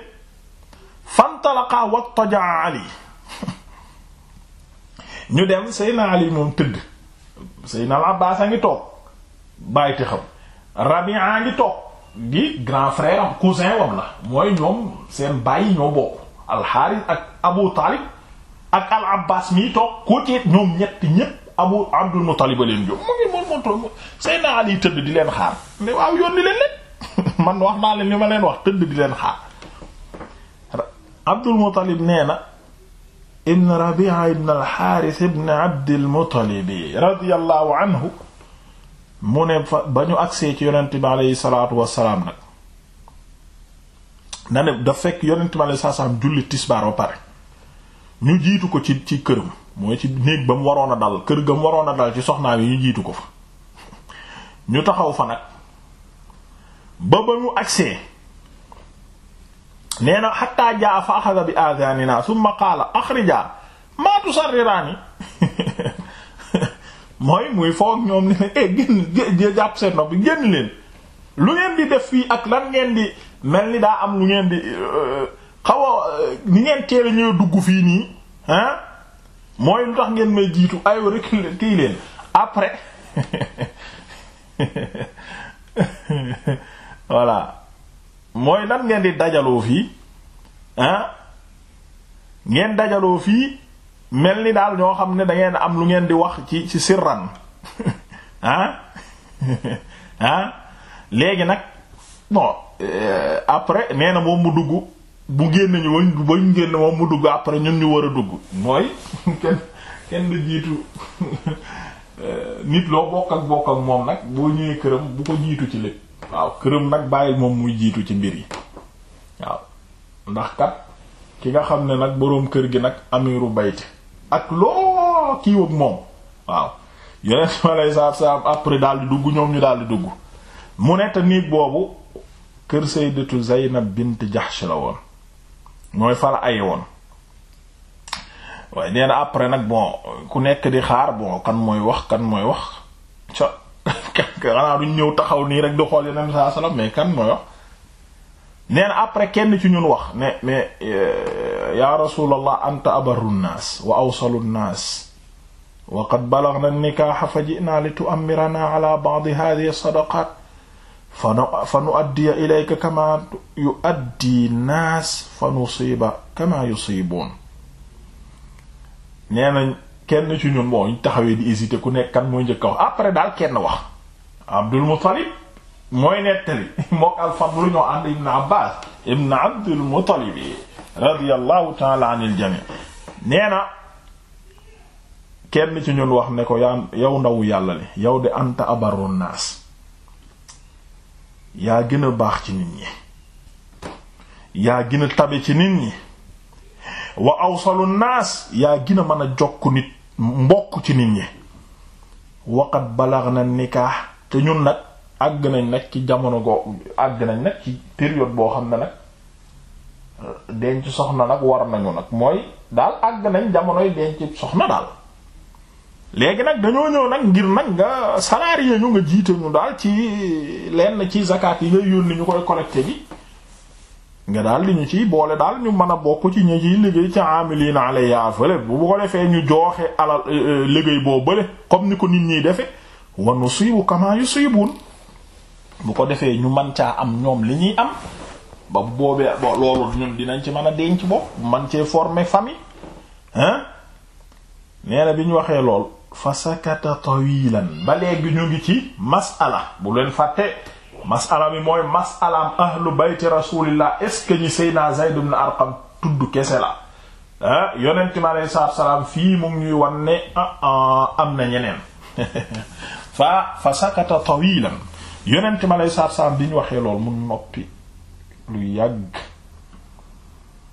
fantalaqaa wattajaa ali ñu dem seydna ali moom tëdd seydna al abbaas a ngi toog bàyyi te xam rabia ngi toog di grand frère am cousin wam la mooy ñoom seen bàyyi ñoo bokk alxaaris ak abu taalib ak al abbaas mii toog ku ci ñoom ñett ñépp abu abdul muttalib a leen jóg mu ngi moom moom toog seydna ali tëdd di leen xaar ne waaw yónni leen leen man wax naa leen li ma leen wax tëdd di leen xaar Abdul Muttalib nee na ibn Rabi'a ibn al-Haaris ibn Abdil Muttalib radiyallahu anhu mu ne fa ba ñu agsee ci yonent bi aleyhi salaatu wassalaam nag na ne da fekk yonent bi aleyhi salaatu wassalaam julli tisbaar ba pare ñu jiitu ko ci ci këram mooy ci néeg ba mu waroon a dal kër ga mu waroon a dal ci soxnaa yi ñu jiitu ko fa ñu taxaw fa nag ba ba mu agsee nee na xataa jaa fa axada bi aadaanina summa qaala axrija maa tusarriraani mooy muy foog ñoom ne ne eh, génn jàpp seen nopp génn leen lu ngeen di def fii ak lan ngeen di mel ni daa am lu ngeen di euh, xaw a euh, ni ngeen teel a dugg fii nii ah mooy lu tax ngeen may jiitu aywa rek kii leen après voilà. mooy lan ngeen di dajaloo fii ah ngeen dajaloo fii mel ni daal ñoo xam ne da ngeen am lu ngeen di wax ci ci sirran ah, ah léegi nag bon euh, après nee na moom mu dugg bu génn ñu wañ bañ génn moom mu dugg après ñun ñu war a dugg mooy kenn du jiitu euh, nit loo bokk ak bokk ak moom nag boo ñëwee këram bu ko jiitu ci lépp waaw këram nag bàyyi moom muy jiitu ci mbir yi waaw ndax kat ki nga xam ne nag boroom kër gi nag amiru bayt ak loo kiiwag moom waaw yeneen ma lay saab saab après daal dugg ñoom ñu daal di dugg mu ne néeg boobu kër sayyidatu na bint Jahsh la woon mooy fala ay woon waaye nee na après nag bon ku nekk di xaar bon kan mooy wax kan mooy wax xanaa duñ ñëw taxaw nii rek di xool yeneen saa salaam kan mooy wax après kenn ci ñun wax ne mais euh, ya rasulallah anta abarru nnaas wa awsalu nnaas wa qad balagna an-nikaaha fa ji'naa li tu'ammirana ala ba'di hadhihi as-sadaqat fa nu'addiya ilayka kama yu'addi naas fa kama yusiibuun nee na kenn ci ñun moo ñu ku nekk kan mooy njëkk a wax après daal kenn wax Abdul Muttalib mooy nettali mook al-Fadl ñoo ànd Ibn Abbas Ibn Abdul Muttalib radiyallahu ta'ala anil jami' nee na kenn ci ñun wax ne ko yaa yow ndawu yàlla li yow di anta abarru naas yaa gën baax ci nit ñi yaa gën a ci nit ñi wa awsalu naas yaa gën mën a jokk nit mbokk ci nit ñi waqad balagna nikah te ñun nag àgg nañ nag ci jamono go àgg nañ nag ci période boo xam ne nag denc soxna nag war nañu nag mooy daal àgg nañ jamonoy denc soxna daal léegi nag dañoo ñëw nag ngir nag nga salarié ñu nga jiite ñu daal ci lenn ci zakat yi ngay yónni ñu koy collecté bi nga daal li ñu ciy boole daal ñu mën a bokk ci ñi ciy liggéey ci amilina ala yaa fële bu ko defee ñu jooxe alal liggéey boo bële comme ni ko nit ñiy defe wa nusibu kama yusibun bu ko defee ñu man caa am ñoom li ñuy am ba boobee loolu ñun dinañ ci man a denc bopp man cee former famille hein nee na bi ñu waxee lool fa sakata tawilan ba léegi ñu ngi ci masala bu leen fàtte masala bi mooy masalaam ahlu bayti rasulillah est-ce que ñi Seydina Zayd ibn Arqam tudd kese la ah yonent mi aleyhi salaam fii mu ngi ñuy wan ne ah, ah am na ñeneen fa fa sakata tawilan yonent ma lay saar saam bi ñu waxee lool mu noppi lu yàgg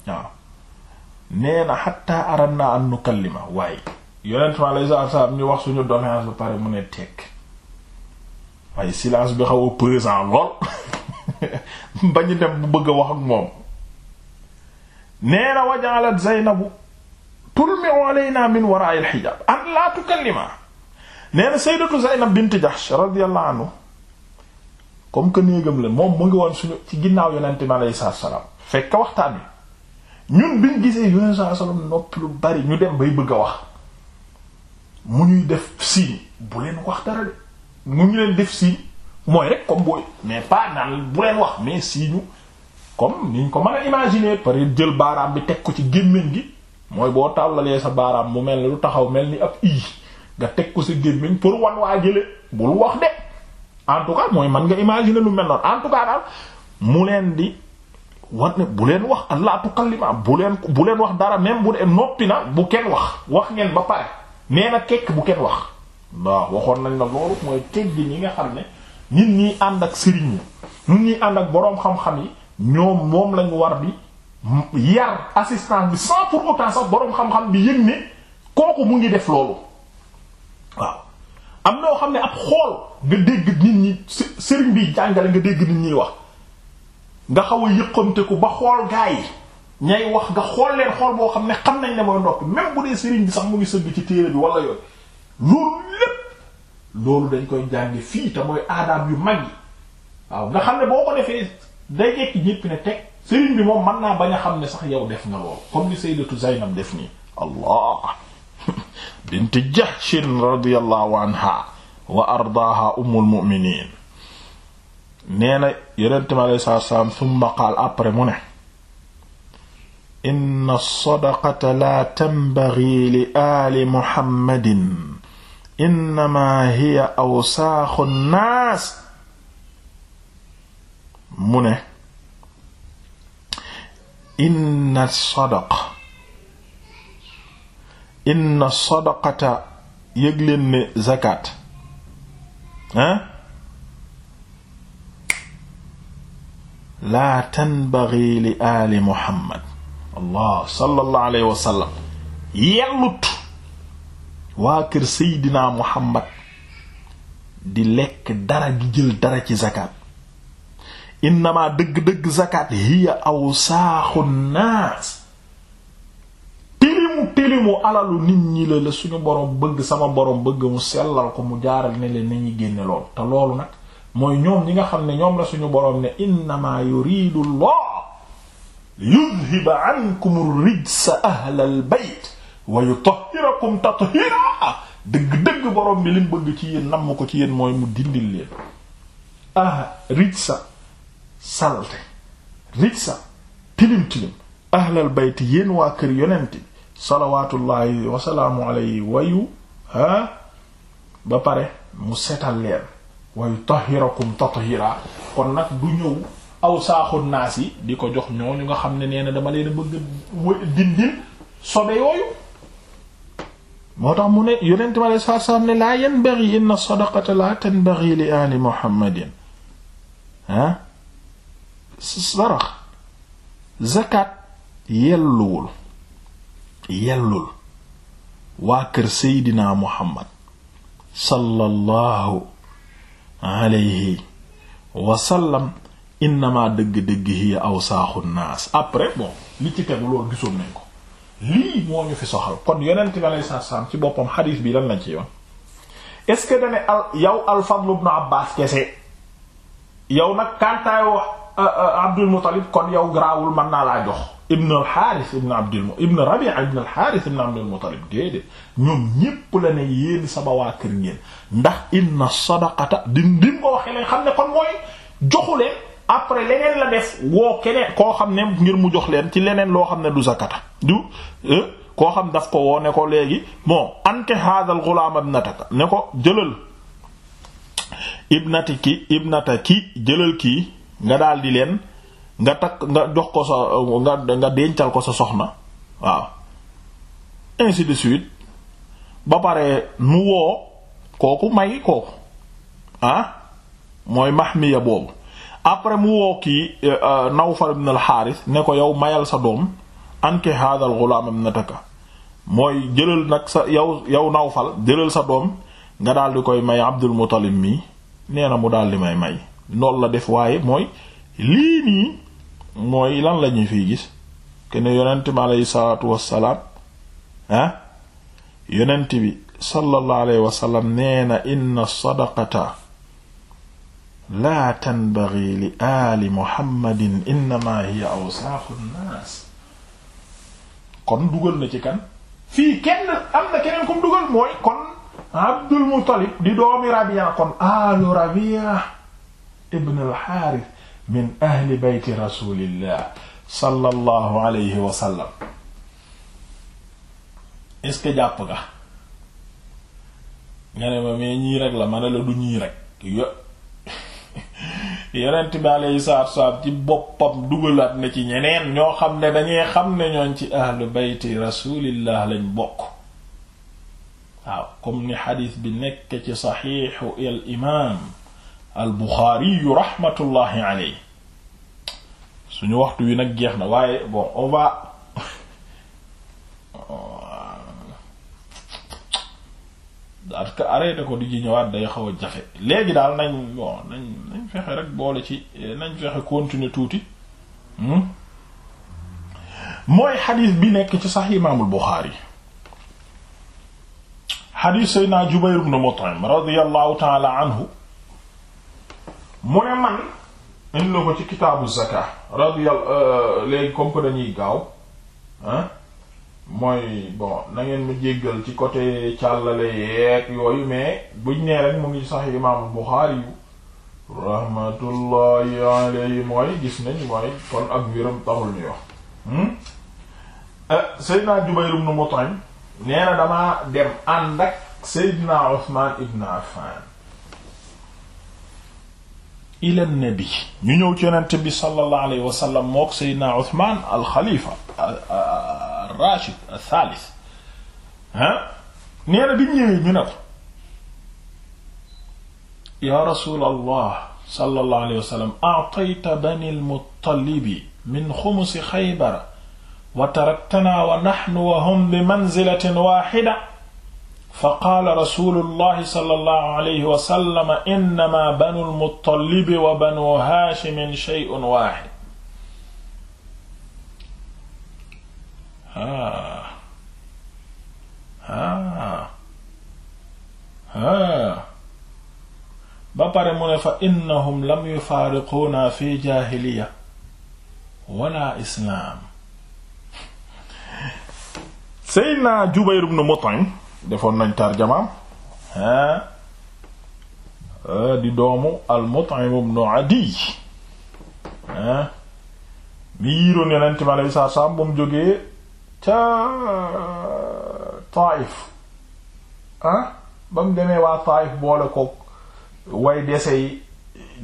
waaw na xatta aram naa an nukallima waaye yonent ma lay saar saam ñu wax suñu doléance bu pare mu ne tekk waaye silence bi xaw a pesant lool bañu dem bu bëgg a wax ak moom nee na wajaalat Zeynabu tulmi alayna min wara'il hijab an la tukallima nee na sa Zaynab bint Jahsh radiyallahu anhu comme que néegam la moom mu ngi woon suñu ci ginnaaw yonente bi alayhi salaatu salaam fekk waxtaan wi ñun biñ gisee yonente salaatu salaam noppi lu bari ñu dem bay bëgg a wax mu ñuy def signe bu leen wax dara de mu ngi leen def signe mooy rek comme booy mais pas naan bu leen wax mais signe comme niñ ko mën a imaginer pare jël baaraam bi teg ko ci gémmiñ gi mooy boo tàllalee sa baaraam mu mel ni lu taxaw mel ni ab ii nga teg ko sa gémmiñ pour wan waa jële bul wax de en tout cas mooy man nga imaginer lu mel noonu en tout cas daal mu leen di wan ne bu leen wax allah tukallima bu leen bu leen wax dara même bu dee noppi na bu kenn wax wax ngeen ba pare nee na kekk bu kenn wax waaw waxoon nañ la loolu mooy kekk gi ñi nga xam ne nit ñi ànd ak sëriñ ñi nit ñi ànd ak boroom xam-xam yi ñoom moom lañu war bi yar assistance bi sans pour autant sax boroom xam-xam bi yëg ne kooku mu ngi def loolu waaw am noo xam ne ab xool nga dégg nit ñi sëriñ bi jàngale nga dégg nit ñi wax nga xaw a yëqamteku ba xool gaa yi ñay wax nga xool leen xool boo xam ne xam nañ ne mooy noppi même bu dee sëriñ bi sax mu ngi sëgg ci téere bi dañ koy jànge fii te mooy yu mag yi waaw nga xam ne boo ko defee day jekki ñépp ne teg sëriñ bi moom mën naa bañ a xam ne sax yow def nga loolu comme ni Sayyidatu Zaynab def nii Allah bint Jahshin radiyallahu anha wa ardaaha ummul mu'miniin nee na yonent mi alayhi salaatu salaam summa qaal après mu ne inna sadaqata laa tanbaghi li aali muhammadin innamaa hiya awsaaxu nnaas mu ne inna sadaqa inna sadaqata yëg leen ne zakat ah laa tanbaghi li aali muhammad allah sallallahu alayhi wa sallam yellut waa kër seydinaa muhammad di lekk dara di jël dara ci zakat innama dëgg-dëgg zakat hiya awsaaxu naas tilimu alalu nit ñi la suñu borom bëgg sama boroom bëgg mu sellal ko mu jaaral ne leen nañuy génne lool te loolu nag mooy ñoom ñi nga xam ne ñoom la suñu borom ne innama yuridu llah yudhiba ankum rijsa ahlal bayt wa yutahhirakum tathira dëgg-dëgg borom bi lim bëgg ci yéen namm ko ci yéen mooy mu dindil leen ah rijsa salte rijsa tilim tilim ahlal bayt yéen waa kër yonent bi salawaatullahi wasalaamu alayhi wayu ha ba pare mu setal leen wayu tahirakum tathira kon nag du ñëw aw saaxun naas yi di ko jox ñooñu nga xam ne nee dama bëgg dindil yooyu moo tax mu ne yonent ma lay saar saar ne laa yanbaghi inna sadaqata laa tanbaghi li ali muhammadin ha sarax zakat yelluwul yellul waa kër seydinaa muhammad sallallahu alayhi wasallam innama dëgg-dëgg hiya awsaaxu naas après bon li ci tegu loolu gisoon nañ ko lii moo ñu fi soxal kon yonent bi alayhi salaam ci boppam xadiis bi lan lañ ci yoon est-ce que dane al yow al Fadl ibn Abbas kese yow nag kantaay wax Euh, euh, Abdul Muttalib kon yow garaawul mën naa laa jox ibn al-Harith ibn Abdul ibn Rabi'a ibn Abdul Muttalib déedéet ñoom ñépp la ne yéen sama waa kër ngeen ndax inna sadaqata di ndim ko waxee xam ne kon mooy joxu après leneen la def woo keneen koo xam ne ngir mu jox leen ci leneen loo xam ne du zakata du euh, koo xam daf ko woo ne ko léegi bon ante hadal ghulaam ibnataka ne ko jëlal ibnati ki ki jëlal kii nga daal di leen nga takk nga jox ko sa nga dencal ko sa soxna waaw ainsi de suite ba pare mu woo kooku may kooku ah mooy mahmiya boobu après mu woo kii eh, eh, Nawfal ibn al-Harith ne ko yow mayal sa doom anki hadha al-ghulam mooy jëlal nag sa yow yow Nawfal jëlal sa doom nga daal di koy may Abdul Muttalib mi nee mu daal di may may loolu la def waaye mooy lii nii mooy lan la ñu fiy gis kenn yonent bi aleyhi salaatu wassalaam ah yonent bi sallallahu alayhi na inna sadaqata laa tanbaghi li kon dugal na ci kan fii kenn am na keneen kum dugal mooy kon abdul muttalib di doomi rabia kon aalu rabia ibn al-Harith min ahli bayti rasulillah sallallahu alayhi wa sallam est-ce que jàpp nga nga ne ma mais ñii rek la ma ne la du ñii rek yo yonent bi alayhi salaatu wasalaam ci boppam dugalaat na ci ñeneen ñoo xam ne dañuy xam ne ñooñ ci ahlu bayti rasulillah lañ bokk waaw comme ni xadiis bi nekk ci saxiixu al imaam al-Bukhari rahmatullahi alayhi suñu waxtu wi nag jeex na waaye bon on va parce que arrêté ko di ci ñëwaat day xaw a jafe léegi daal nañ bon fexe rek boole ci nañ fexe continuer tuuti hmm? mooy xadiis bi nekk ci sax imaamul Buxaari xadiis Seydina Jubayr ibn Mut'im radiyallahu ta'ala anhu mu man indi ko ci kitaabu zakat radiyallahu euh, léegi comme que gaaw ah mooy bon na mu jéggal ci côté càllale yeeg yooyu mais buñ nee rek mu ngi sax imaamu Buxaari yu rahmatullahi alayhi mooy gis nañ mooy kon ak wéram taxul ñu wax hmm? euh, Seydina Jubayr ibn Mut'im nee na damaa dem ànd ak Seydina Usmaan ibn Affan ila nabi ñu ñëw ci yonent bi sallallahu alayhi wa sallam mook seydina Uthman al xalifa ar-rashid ath-thalith ah nee na bi ñëwee ñu ne ko ya rasul allah sallallahu alayhi wa sallam a'tayta bani al-muttalibi min xumus xaybara wa taraktana wa nahnu wa hum bi manzilatin wahida fa qaala rasulullahi sallallahu alayhi wa sallam innama banu lmuttalibi wa banu haashimin shay'un waaxid ah ah ah ba pare mu ne fa innahum lam yufaariquuna fi jaahiliya wala islaam Seydina Jubayr ibn Mut'im defoon nañ tarjamaam hein euh, di doomu al-Mut'im ibn Adiy hein mi yiiroon yonent mi alayhi salaatu salaam ba mu jógee ca euh, Taayif ah ba mu demee waa Taayif boole ko way dese yi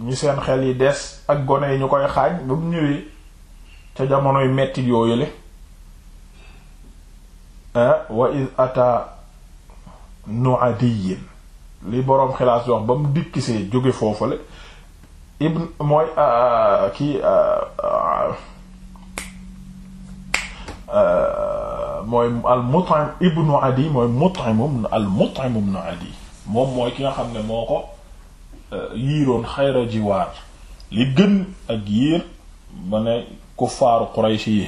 ñu seen xel yi des ak gone yi ñu koy xaañ ba mu ñëwee ca jamonoy mettit yooyu le wa iz ata nu adiyin li boroom xilaas wax ba mu dikkisee jóge foofale ibn mooy ah, ah, kii ah, mooy al Mut'im ibnu Adi moom mooy ki nga xam ne moo ko eh, yiiroon xayra jiwaar li gën ak yiir ba ne kuffaaru Quraysh yi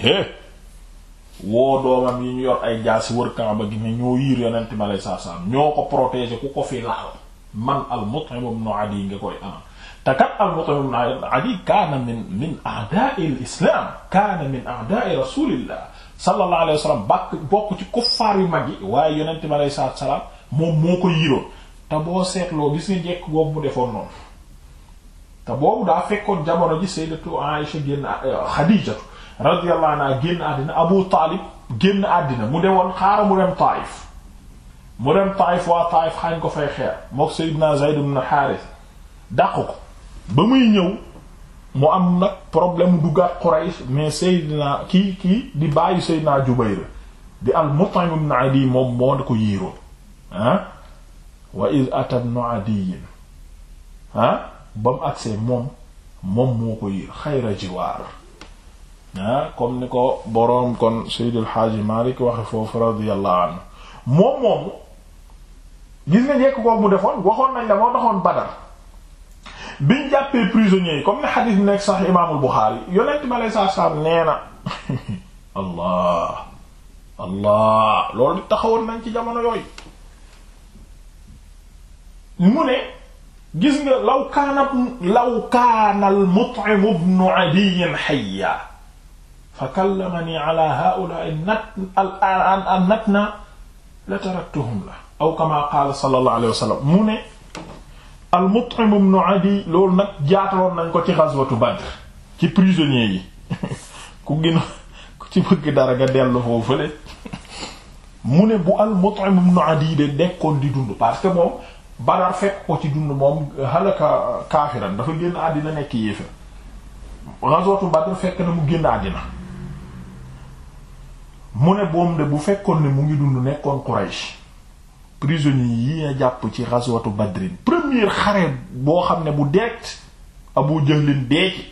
woo doomam yi ñu yor ay jaasi wër Kaaba gi ne ñoo yiir yonent mi alayhi salaatu salaam ñoo ko protéger ku ko fi laal man al-Mut'im ibn Adi nga koy te kat al-Mut'im ibn Adi kaana min min a'daa'i kaana min a'daa'i rasuulillah sallallahu alayhi bokk ci kuffaar yu mag yi waaye yonent mi alayhi salaatu salaam moom moo ko yiiroon te boo seetloo gis nga njekk boobu mu defoon noonu te boobu daa fekkoon jamono ji sayyidatu Aisha génn Xadiijatu radiyallahu anhu génn àddina Abu Taalib génn àddina mu demoon xaaral mu dem Taayif mu dem Taayif waa Taayif xaañ ko fay xeer mook Seydina Zayd ibn Haaris dàq ko ba muy ñëw mu am nag problème mu duggaat Quraysh mais Seydina kii kii di bàyyi Seydina Jubayr di al-Mut'im ibn Adiy moom moo ko yiiroon ah wa iz ata ibn Adiy ah ba mu agsee moom moom moo ko yiir xayra jiwaar ah ni ko boroom kon Seydil Hadji Malick waxe foofu radiyallahu anhu moom moomu gis nga njekk koo mu defoon waxoon nañ la moo taxoon Badar biñ jàppee prisonniers yi comme ni xadis nekk sax imaamul Buxaari yonent bi alei saatu salaam nee na allah allah loolu taxawoon nañ ci jamono yooyu mu ne gis nga law kaana law kaana al Mut'im ibn Adiy hayya fa kallamani ala haa'ulaa'i an natna la taraktuhum la aw kama qaala sallallahu alayhi wa mu ne al Mut'im ibn Adi loolu nag jaataloon nañ ko ci ghazwatu Badr ci prisonniers yi ku gën ku ci bëgg dara nga dellu foofu fële mu ne bu al Mut'im ibn Adi de dekkoon di dund parce que moom Badar fekk ko ci dund moom halaka kaafiran dafa génn àddina nekk yéefa ghazwatu Badr fekk na mu génn àddina mu ne boom de bu fekkoon ne mu ngi dund nekkoon Quraysh prisonniers yi nga jàpp ci ghazwatu Badrin première xare boo xam ne bu deet Abu Jahlin dee ci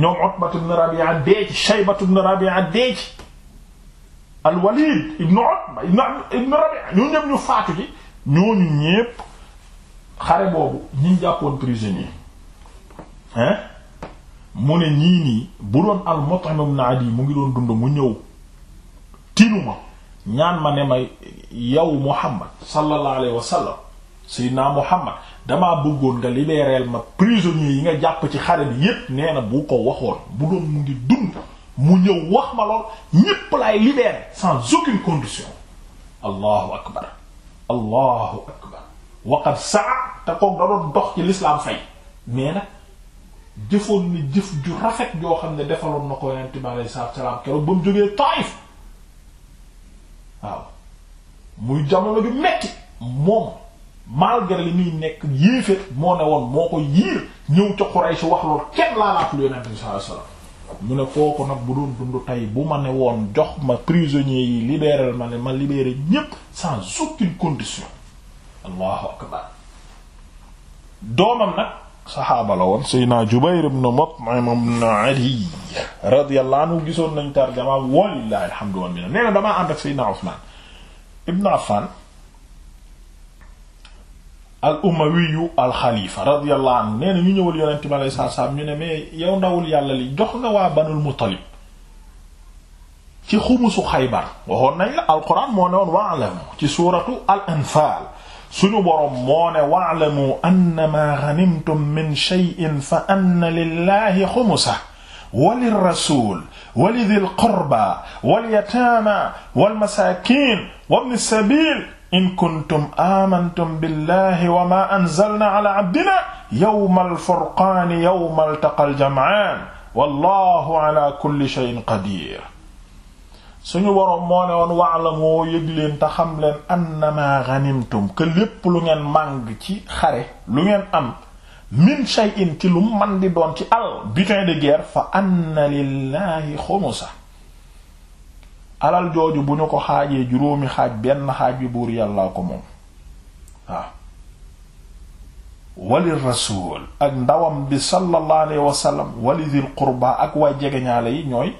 ñoom Utbat ibn Rabi'a dee ci Shaybat ibn Rabi'a dee ci al-Walid ibn Utba ibn Rabi'a ñoo ñëpp ñu faatu ci ñooñu ñépp xare boobu ñi jàppoon prisonnier hein mu ne ñii nii bu doon al-Mut'im ibn mu ngi doon dund mu ñëw tinuma ñaan ma ne ma yow Muhammad sallallahu alayhi wa sallam sayyidina Muhammad damaa bëggoon nga libérer ma prisonniers yi nga jàpp ci xare bi yépp nee na bu ko waxoon bu doon mu ngi dund mu ñëw wax ma lool ñépp lay libérer sans aucune condition allahu akbar allahu akbar waqad saa te koog da dox ci l'islam fay mais nag jëfoon ni jëf ju rafet joo xam ne defaloon na ko yonent bi alayhi keroog ba mu jógee Taayif waaw muy jamono ju metti moom malgré li nekk yéeféet moo ne woon moo ko yiir ñëw ca Quraysh wax loolu kenn laalaatul yonent bi sallallahu alayhi wasallam mu ne kooku nag bu doon dund tey bu ma ne woon jox ma prisonnier yi libéral ma ne ma libéré ñépp sans aucune condition allahu akbar doomam nag saxaaba la woon Seydina Jubayr ibn Mut'im ibn Ali radiyallahu anhu gisoon nañ tarjama walillahi alhamdu wal minna nee na damaa ànd ak Seydina Usmaan ibn Affan al umawiyu al xalifa radiyallahu anhu nee na ñu ñëwal yonente bi alayhi salaam ñu ne mais yow ndawul yàlla li jox nga waa Banul Muttalib ci xumusu Xaybar waxoon nañ la alquran moo ne woon wa'lam ci suuratu al anfaal suñu boroom moo ne wa'lamu annama ghanimtum min shay'in fa anna lillahi xumusahu walirrasul walidil qurba walyataama walmasaakiin wabni sabil in kuntum amantum billahi wa ma anzalna ala abdina yawma alfurqaani yawma altaqa aljam'aan wallahu ala kulli shay'in qadir suñu woroom moo ne woon wa'lamu yëg leen te xam leen annama ghanimtum que lépp lu ngeen màng ci xare lu ngeen am min shay'in ci lu man di doon ci al butin de guerre fa anna lillahi xumusa alal jooju bu ñu ko xaajee juróomi xaaj benn xaaj bi buur yàllaa ko moom waaw wali rasul ak ndawam bi sallallahu alayhi wa sallam wali dhil qurba ak waay jegeñaale yi ñooy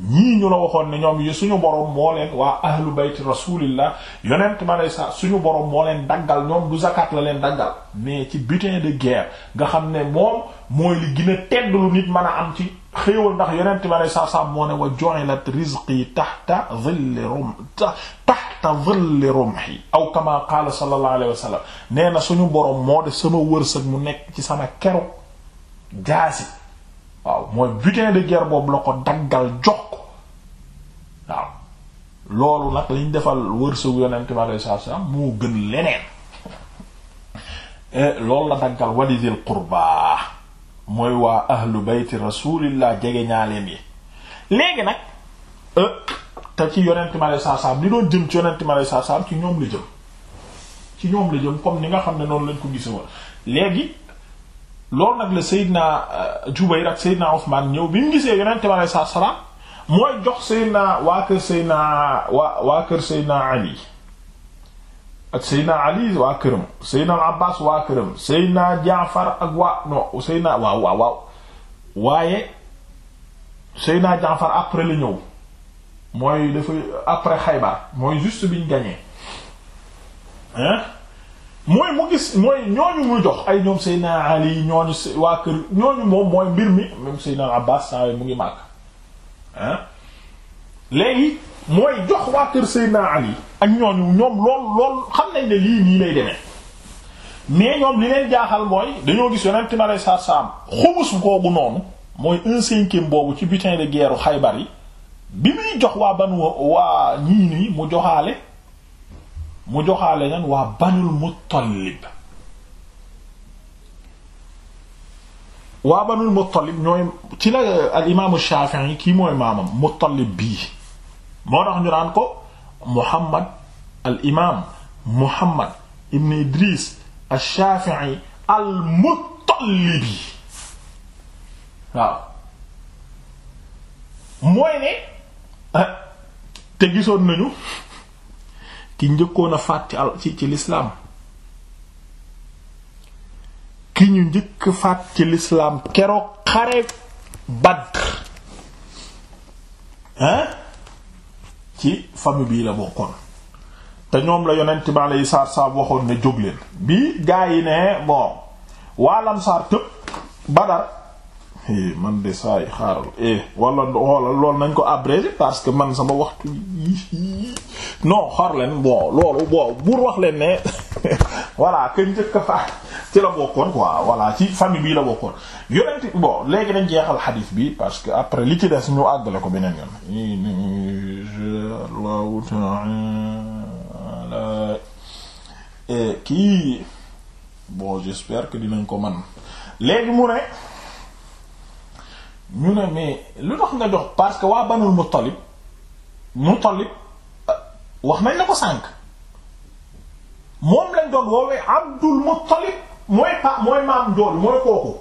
ñii ñu la waxoon ne ñoom yi suñu borom moo leen waa ahlu bayti rasulillah yonent ma lay sa suñu borom moo leen daggal ñoom du zakat la leen daggal mais ci butin de guerre nga xam ne moom mooy li gën a tedd lu nit mën a am ci xéewal ndax yonent ma lay sa sa moo ne wa ju'ilat rizqi tahta dhilli rum tahta dhilli rumhi aw kama qaala sallallahu alayhi wa sallam nee na suñu borom moo def sama wërsëg mu nekk ci sama keru jaasi waaw mooy butin de guerre boobu la ko daggal jox ko waaw loolu nag liñ defal wërsëgu yonent bi alei satu salaam moo gën leneen eh, loolu la daggal walidil qurba mooy waa ahlu bayti rasulillah jege ñaaleen yi léegi nag eh, te ci yonent bi alei satu salaam doon jëm ci yonent bi alei ci ñoom la jëm ci ñoom la jëm comme ni nga xam ne noonu lañ ko gisewoon léegi lool nag la Seydina euh, Jubayr ak Seydina ñëw bi mu gisee yonent bi alayhi salaatu mooy jox Seydina waa kër Seydina waa waa kër Seydina Ali ak Ali waa këram Seydina Abbaas Jaafar ak waa non Seydina waaw waaw waaye Seydina Jaafar après la ñëw mooy dafa après Xaybar mooy juste biñ gagné hein mooy mu gis mooy ñooñu mu jox ay ñoom Seydina Ali ñooñu waa kër ñooñu moom mooy mbir mi même Seydina Abbas saa mu ngi màgg ah léegi mooy jox Ali ak ñooñu ñoom lool lool xam nañ lii nii lay demee mais ñoom li leen jaaxal mooy dañoo gis Yonent mi alayhi salaatu xumus googu noonu mooy un cinquième boobu ci butin de guerre Xaybar yi bi muy jox waa ban waa ñii nii mu joxaale. mu joxaale nan waa banul muttalib waa banul muttalib ñooy ci la al imaamu Shaafi'i kii mooy maamam muttalib bii moo tax ñu naan ko Muhammad al imaam Muhammad ibn Idris ash-Shaafi'i al muttalibi waaw mooy ne eh, te gisoon nañu ki njëkkoon a faat ci al ci lislaam ki ñu njëkk faat ci lislaam keroog xare Badr hein ci famille bii la bokkoon te ñoom la yonent bi alayhi salaatu salaam waxoon ne jóg leen bi gaa yi ne bon waa lamsaar tëb Badar Eh, man de saa yi xaaral eh, wala xoolal loolu nañ ko abrégé parce que man sama waxtu non xar leen bon loolu bon wax leen ne voilà que njëkk a ci la bokkoon quoi voilà ci famille bii la bokkoon yonent bon léegi dañ jeexal xadiis bi parce que après li ci des ñu àggale ko beneen yoon. incha allahu taala eh, kii bon j'espère que dinañ ko man léegi mu ne. ñu ne mais li tax nga jox parce que waa banul Muttalib Muttalib euh, wax nañ na ko sànq moom lañ doon woowee Abdul Muttalib mooy pa mooy maam dool mooy kooku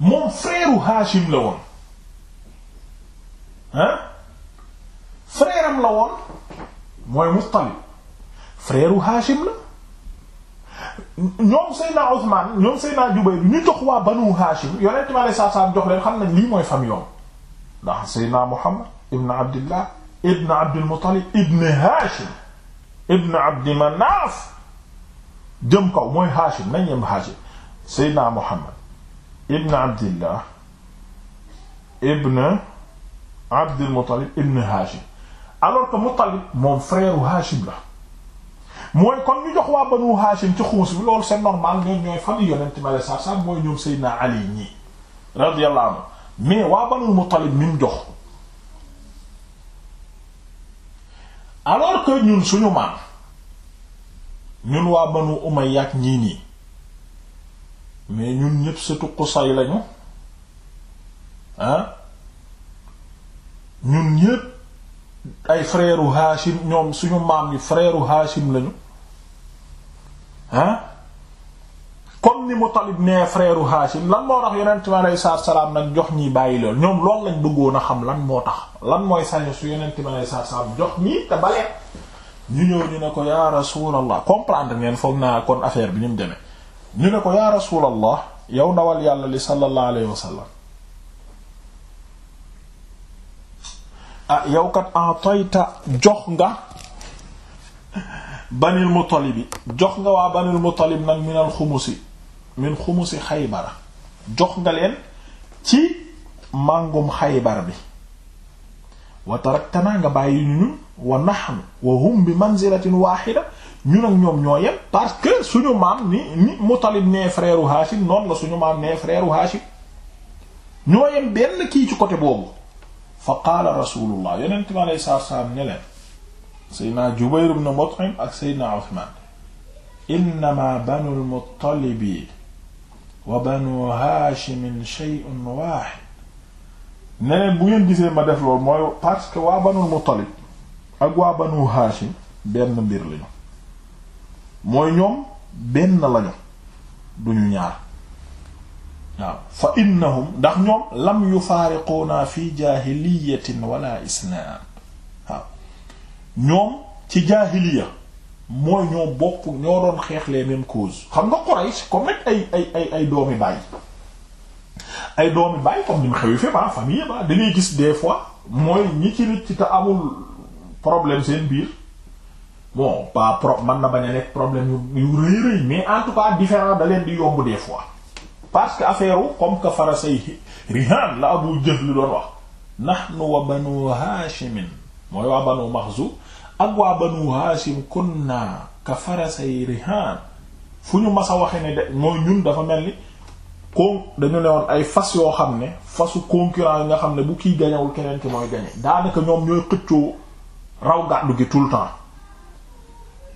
moom frère Hachim la woon ah la woon mooy Muttalib frère Hachim la. ñoom Seydina Ousmane ñoom Seydina Jubayr ñu jox waa Banu Hashim yonent mi alayhi salaam jox leen xam nañ lii mooy famille yoom ndax Seydina Muhammad ibn Abdillah ibn Abdul Muttalib ibn Hashim ibn Abdi Manaf jëm kaw mooy Hashim nañ yem Hashim Seydina Muhammad ibn Abdillah ibn Abdul Muttalib ibn Hashim alors que Muttalib moom frère Hashim la mooy kon ñu jox waa banu Hashim ci xuus bi loolu c'est normal ñoom ñooy famille yonent ma la sax mooy ñoom Seydina Ali ñii radiyallahu mais waa banu Muttalib mi mu jox alors que ñun suñu maam ñun waa banu Umayya ak ñii nii mais ñun ñépp surtout Qusay lañu ah ñun ñépp ay frère u ñoom suñu maam yi frère u Hachim lañu ah comme ni Mutalib nee frère u Hachim lan moo tax yonent bi aleyhi salaatu salaam nag jox ñi bàyyi lool ñoom loolu lañ bëggoon a xam lan moo tax lan mooy sañ su yonent bi aleyhi salaatu salaam jox ñi te balee ñu ñëw ñu ne ko yaa rasulallah comprendre ngeen foog naa kon affaire bi ni mu demee ñu ne ko yaa rasulallah yow ndawal yàlla li sallallahu alayhi wa ah yow kat atayta jox nga banil muttalibi jox nga waa banil muttalib nag minal xumusi min xumusi xaybara jox nga leen ci màngum xaybar bi wa taraktanaa nga bàyyi ñu ñun wa nahnu wa hum bi manzilatin wahida ñun ñoom ñoo yem parce que suñu maam ni ni Mutalib nee frère u Hachim noonu la suñu maam nee frère u ñoo yem benn kii ci côté boobu fa qaala rasulullah yonent bi alayhi salaatu salaam ne leen seydna Jubayr ak seydna Usmaan innama banu al wa banu Haashim shay'un waahid ne bu ngeen gisee ma def loolu mooy parce que waa banul Muttalib ak waa banu Haashim benn mbir mooy ñoom benn lañu duñu ñaar waaw fa innahum ndax ñoom lam yufaariquuna fi jaahiliyatin wala islaam waaw ñoom ci jaahiliya mooy ñoo bokk ñoo doon xeex les mêmes causes xam nga Quraysh comme rek ay ay ay ay doomi bàyyi ay doomi bàyyi comme ni mu xew yi fépp ah famille ba da gis des fois mooy ñi ci nit ci ta amul problème seen biir bon pas pro mën na bañ ne nekk problème yu rëy rëy mais en tout cas différent da leen di yomb des fois parce que affaire comme que farasay rihaan la Abu Jahl doon wax nahnu wa banu haashimin mooy waa banu Maxzum ak waa banu haashim kunna ka farasay rihaan fu ñu mas a waxe ne de mooy ñun dafa mel ni kon dañu ne woon ay fas yoo xam ne fasu concurrent yi nga xam ne bu kiy gañawul keneen ki mooy gañe daanaka ñoom ñooy xëccoo raw gàddu gi tout le temps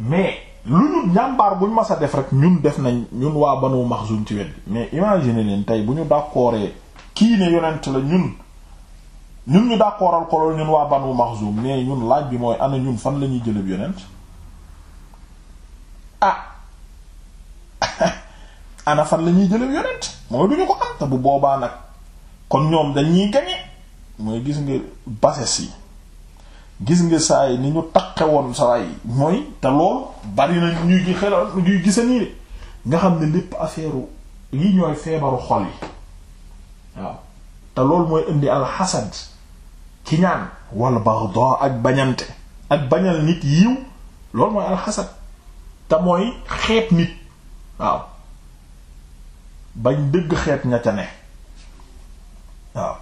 mais lu ñun bu buñ mas a def rek ñun def nañ ñun waa Banu Maxsum ci wet bi mais imagine leen tey bu ñu dàkkooree kii ne yonent la ñun ñun ñu dàkkooral ko loolu ñun waa Banu Maxsum mais ñun laaj bi mooy ana ñun fan la ñuy jëlab yonent ah ana fan la ñuy jëlab yonent ko am te bu boobaa nag kon ñoom dañuy gañe mooy gis nga bases yi gis nga saa yi ni ñu taqe woon saa yi mooy te loolu bari na ñuy gi xelal nii de nga xam ne lépp affaire yi ñooy feebaru xol yi waaw te loolu mooy indi alxasad ki ñaan wala baxda ak bañante ak bañal nit yiw loolu mooy alxasad te mooy xeet nit waaw bañ dëgg xeet ña ca ne waaw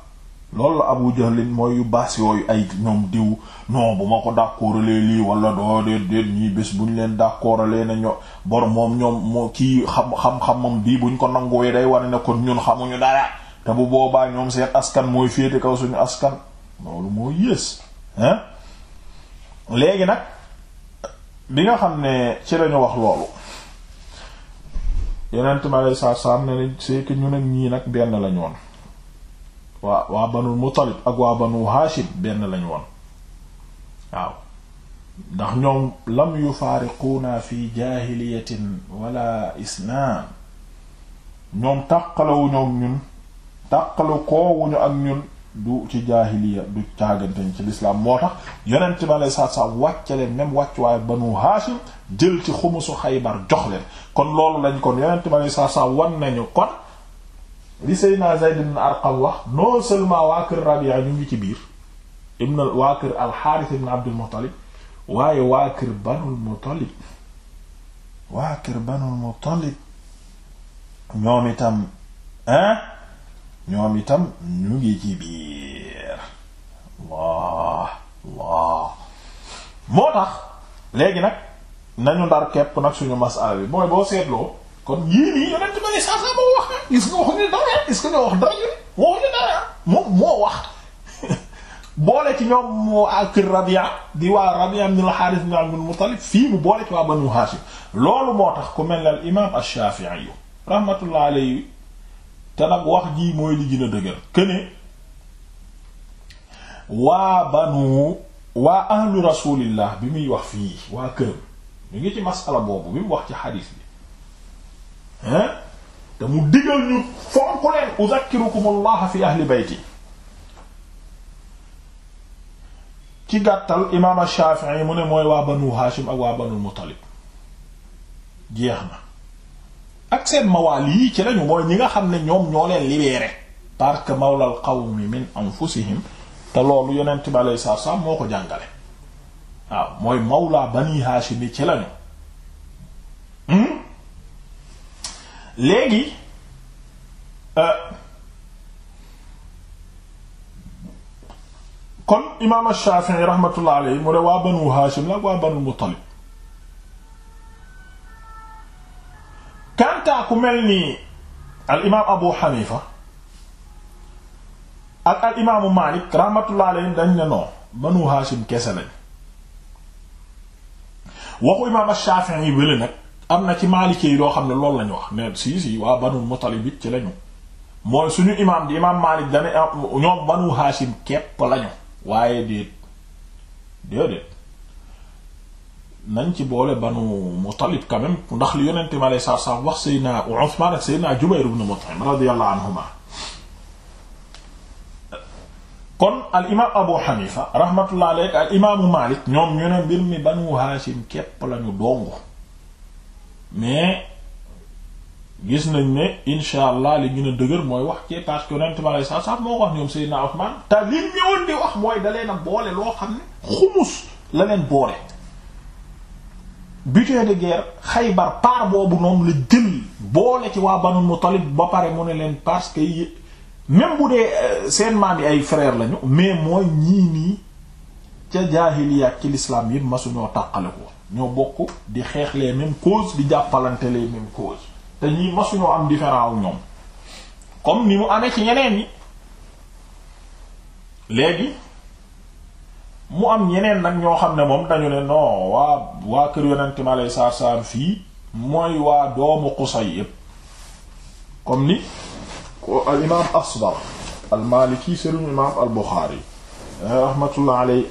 loolu la Abu Jahlin mooy yu baas yooyu ay ñoom diw non bu ma ko d'accordalee lii wala doo déet déet ñii bés bu ñu leen d'accordalee na ño bor moom ñoom moo kii xam xam-xamam xam bii buñ ko nangooy day war ne kon ñun xamuñu dara te bu boobaa ñoom seen askan mooy féete kaw suñu askan loolu moo yées hein léegi nag bi nga xam ne ci lañu wax loolu yeneen ma lay saa saa ne c'est que ñun ak ñii nag benn lañu woon waa waa banul Muttalib ak waa banu Hashim benn lañ woon waaw ndax ñoom lam yufaariquuna fi jaahiliyatin wala islaam ñoom tàqalawuñu ak ñun tàqalu koowuñu ak ñun du ci jaahiliya du caaganteñ ci lislaam moo tax yonent bi alei satu salaam wàcce leen même wàcc waaye banu haashim jël ci xumusu xaybar jox leen kon loolu lañ kon yonent bi alei satu salaam wan nañu kon li Seydina Zayd ibn Arqam wax non seulement waa kër Rabi'a ñu ngi ci biir ibn waa kër al-Harith ibn Abdul Muttalib waaye waa kër Banul Muttalib waa kër Banul Muttalib ñoom itam hein ñoom itam ñu ngi ci moo tax léegi nag nañu ndar kepp nag suñu masala mooy boo seetloo kon yii nii yonent ma moo wax gis nga wax moo wax boole ci ñoom moo Rabia di waa Rabia ibn al-Harith ibn Abdul Muttalib fii mu boole ci waa Banu Hashim loolu moo tax ku mel ne al imaam ash-Shafi'i wax jii mooy li gën a dëgër waa Banu waa ahlu rasulillah bi muy wax fii waa këram ñu ngi ci masala boobu bi mu wax ci xadiis te mu digal ñu fonk leen uzakkirukumullah fi ahli bayti ci gàttal imaam Shaafi'i mu ne mooy waa banu Haashim ak waa banul Muttalib jeex na ak seen mawaali yii ci lañu mooy ñi nga xam ne ñoom ñoo leen libéré parce que mawlal qawmi min anfusihim te loolu yonent bi alayhi salaatu salaam moo ko jàngale waaw mooy mawla bani Haashim ci lañu hmm? léegi euh, kon imaam Shaafi'i rahmatullah alayhi mu waa banu Haashim la waa banu Muttalib kantaa ku mel ni al imaam Abu Hanifa ak al imaamu Maalik rahmatullah alayhi dañ ne non banu Haashim kese lañ waxu imaam Shaafi'i yi bële nag am na ci Maliki yi doo xam ne loolu lañu wax ne si si waa Banu Mutalib it ci lañu mooy suñu imaam di imaam Maalik dane ah, ñoom Banu Haashim képp lañu waaye déet déedéet nañ boole Banu Mutalib quand même ndax li yonente mi anhuma kon al imaam Abu Hanifa rahmatullah alayhi al imaamu Maalik ñoom ñu ne mbir mi Banu Haashim képp lañu dongo mais gis nañ ne insha allah li gën a dëgër mooy wax ci parce que yonent ma lay sax sax moo wax ñoom Seydina Ousmane te li ñëwoon di wax mooy dalee leen a boole loo xam ne xumus la leen boole butin de guerre Xaybar par boobu noonu la jël boole ci waa Banu Muttalib ba pare mu ne leen parce que même bu dee euh, seen maam yi ay frère lañu mais mooy ñii nii ca jaahiliya ci lislaam yëpp masuñoo tàqale ko ñoo bokk di xeex les mêmes causes di jàppalante les mêmes causes te ñi masuñoo am différent ñoom comme ni mu amee ci ñeneen ñi léegi mu am ñeneen nag ñoo xam ne moom dañu ne non waa waa kër yonent mi alayhi salaatu salaam fii mooy waa doomu Qusay yépp comme ni ko al imaam Asbar al Maliki sëriñ imaam al Buxaari rahmatullah alayhi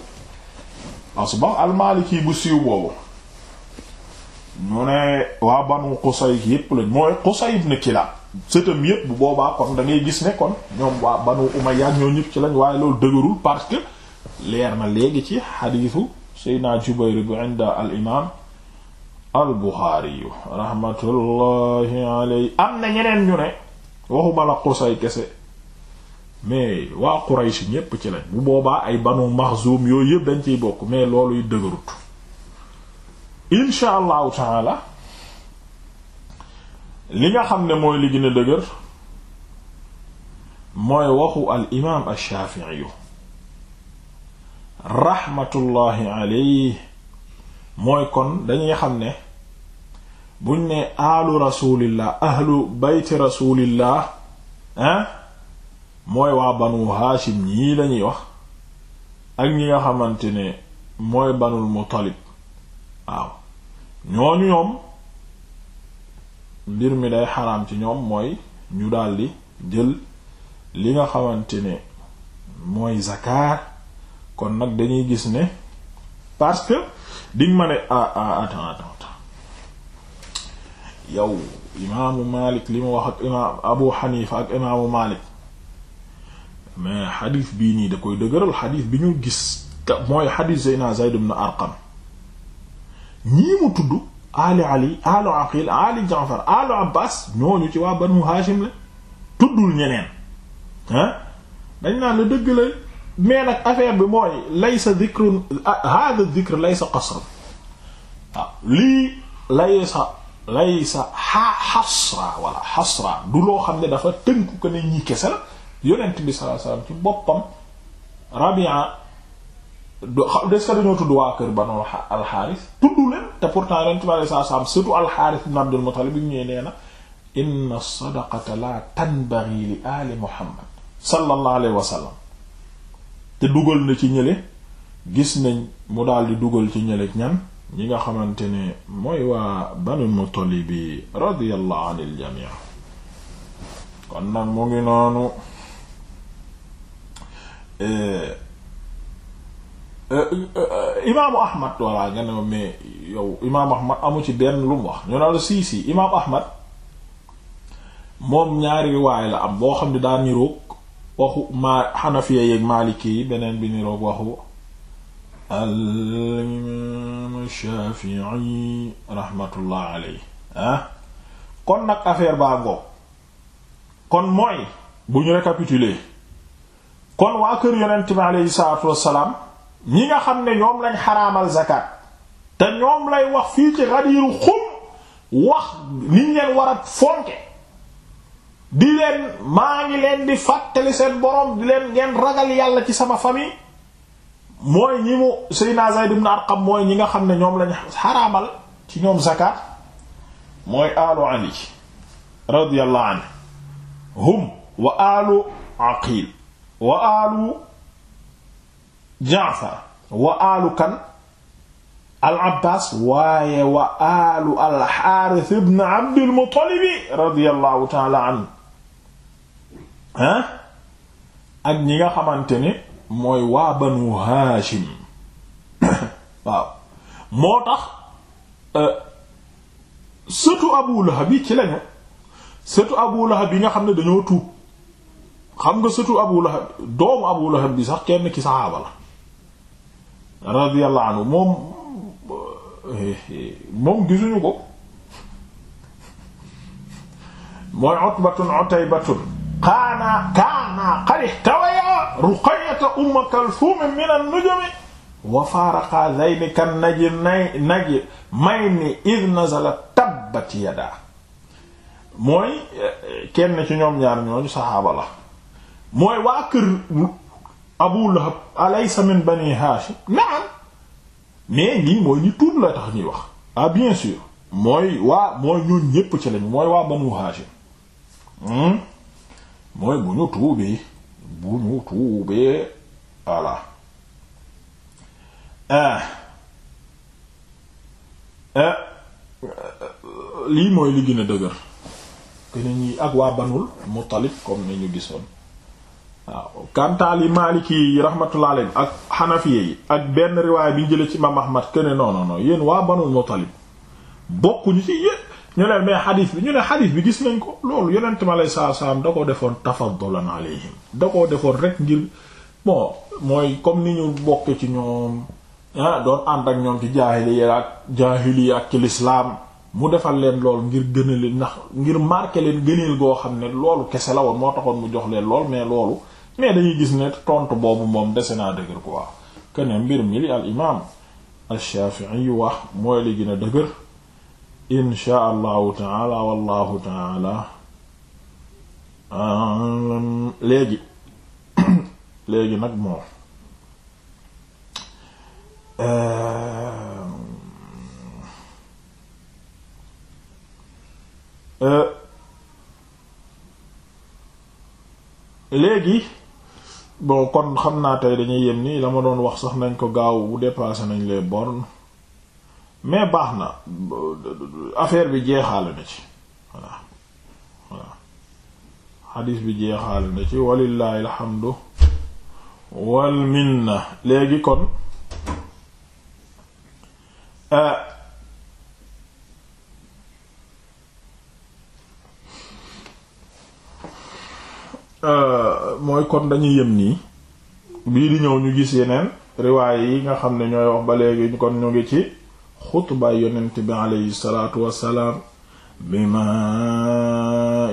Asbar al Maliki bu siiw boobu mu ne waa banu Qusay yépp lañ mooy Qusay ibn Kilab sëtam yépp bu boobaa kon da ngay gis ne kon ñoom waa banu Umayya ñoo ñëpp ci lañ waaye loolu dëgërul parce que leer na léegi ci xadiisu Seydina Jubayr bu inda al imaam al na ñeneen ñu ne waxuma la Qusay kese mais ci lañ bu boobaa ay banu Maxzum yooyu yëpp dañ ciy bokk mais loolu yu dëgërut insha allahu taala li nga xam ne mooy li gën dëgër mooy waxu al imaam ash-Shafi'i mooy kon dañuy xam ne buñ ne aalu rasulillah ahlu bayti rasulillah ah mooy waa banu haashim ñii lañuy wax ak ñi nga xamante ne mooy banul Muttalib waaw ñooñu ñoom mbir mi day xaraam ci ñoom mooy ñu daldi jël li nga xamante ne mooy zakaar kon nag dañuy gis ne parce que diñ ma ne ah, ah imaamu Malik li ma wax ak imaam Abu Hanifa ak imaamu Malik mais xadiis bii nii da koy dëgëral xadiis bi ñuy gis mooy xadiis Zeyna Zayd na Arqam ñii mu tudd ali ali alu aqil ali jaafar abbas ñooñu ci waa banu haashim la tuddul ñeneen ah dañ naa la dëgg la mais nag affaire bi mooy laysa dhikrun hadha dhikr laysa qasran ah, waaw du loo xam ne dafa tënku ko ne ñi kese la yonent bi sallallahu alayhi ci boppam rabia des ka dañoo tudd waa kër Banu Alxaaris tudd leen te pourtant ren surtout Alxaaris ibn Abdul Muttalib bi ñu ñëwee nee na inna sadaqata la tanbaghi li ali Muhammad sallallahu alayhi te dugal na ci ñële gis nañ mu daal di dugal ci ñële ñan ñi nga xamante ni mooy waa Banu Muttalib radiyallahu anil jamii kon nag mu ngi noonu. Eh, Euh, euh, euh, imaamu ahmad walla nga ne ma mais yow imaamu ahmad amu ci benn lu wax ñu ne la sii sii imaamu ahmad moom ñaari riwaay la am boo xam ne daa niroog waxu maa xanafiya yeeg maaliki yi beneen bi niroog waxu al imaamu shafii rahmatullah aley ah kon nag affaire baa ngoog kon mooy bu ñu récapituler kon waa kër yonent bi aleyhi salaatu wassalaam ñi nga xam ne ñoom lañ xaraamal zakat te ñoom lay wax fii ci Ghadir Khoum wax niñ leen war a fonke di leen maa ngi leen di fàttali seen borom di leen ngeen ragal yàlla ci sama famille mooy ñi mu Seydina Zayd ibn Arqam mooy ñi nga xam ne ñoom lañ xaraamal ci ñoom zakat mooy alu Ali radiyallahu anhu hum wa alu Aqil wa alu jaafar wa kan al abbaas waaye wa alu al xaaris ibn abdil muttalibi radiallahu taala anhu ah ak ñi nga xamante ni mooy waa banu haashim moo tax euh, sëtu abu lahab yi ci lañu sëtu abu lahab nga xam ne dañoo tuub xam nga sëtu abu lahab doomu abu lahab sax kenn ki ci la radiyallahu anhu moom moom gisuñu ko mooy utbatun utaybatun kaana kaana qad ihtawaya ruqayyata umma kalthum min an-nujumi wa faaraqa dhayni kan naji nay naji may ni id nazala tabbat yada mooy eh, kenn ci ñoom ñaar ñooñu saxaaba la mooy waa kër Abu Lahab alaysa min bani Hashim mais ñii mooy ñi tuub la tax ñuy wax ah bien sûr mooy waa mooy ñun ñépp ci lañ mooy waa banu Hashim hmm? mooy bu ñu tuubee bu ñu tuubee voilà ah. Ah. lii mooy li gën dëgër que ni ak waa banul Muttalib comme ni ñu gisoon waaw kantaal yi maaliki yi rahmatullah ak xanafiye yi ak benn riwaay bi jële ci imam ahmad kene non non non yéen waa banul mutalib bokkuñu ci yéen ñu leen mais xadis bi ñu ne xadis bi gis nañ ko loolu yonent mi aleyhi salaatu salaam da ko defoon tafaddulan alayhim da ko defoon rek ngir bon mooy comme ni ñu bokk ci ñoom ah doon ànd ak ñoom ci jaahiliya ak jaahiliya ak ci lislaam mu defal leen lool ngir gën leen ndax ngir marqué leen gëneel goo xam ne loolu kese la woon mu jox leen lool mais loolu mais dañuy gis ne tontu boobu moom dese naa dëgër quoi que ne mbir mi li al imaam ash-Shafi'i yu wax mooy li gën a dëgër insha allahu taala wallahu taala léegi léegi nag moom euh, euh, léegi bon kon xam naa tey dañuy yem nii la ma doon wax sax nañ ko gaaw bu dépassé nañ les bornes mais baax na affaire bi jeexaale na ci voilà voilà xadiis bi jeexaale na ci walillahi alhamdu wal minna léegi kon. Euh, Euh, mooy kon dañu yem nii bii di ñëw ñu gis yeneen riwaaye yi nga xam ne ñooy wax ba léegi kon ñu ngi ci xutba yonent bi aleyhi salaatu wassalaam bima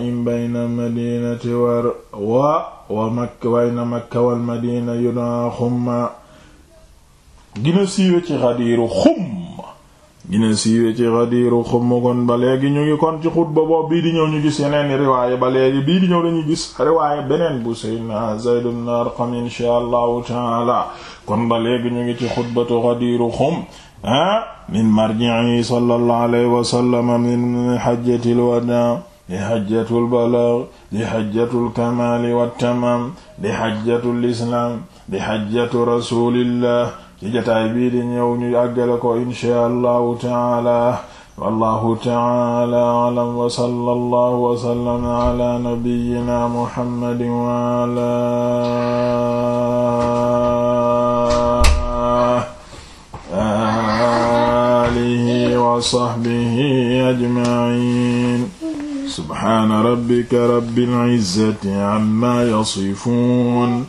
in bayna madinati wa wa makka wayna makka wal madina yudaa xumma gina siiwe ci xadiiru xum gina siiwe ci xadiiru xumm kon ba léegi ñu ngi kon ci xutba boobu bii di ñëw ñu gis yeneen riwaaye ba léegi bii di ñëw dañu gis riwaaye beneen bu seydna Zayd ibn Arqam insha allahu taala kon ba léegi ñu ngi ci xutbatu xadiiru xumm ah min marji'i sallallahu alayhi wa sallam min hajjatil wadaa di hajjatul balaag di hajjatul kamaali wat tamaam di hajjatul islaam di hajjatu rasulillah ci jotaay bii di ñëw ñu àggale ko inshaa allahu taala wallahu taala alam wa sallallahu wa sallama ala nabiyyina muhammadin wa ala alihi wa sahbihi ajma'in subhana rabbika rabbil izzati amma yasifun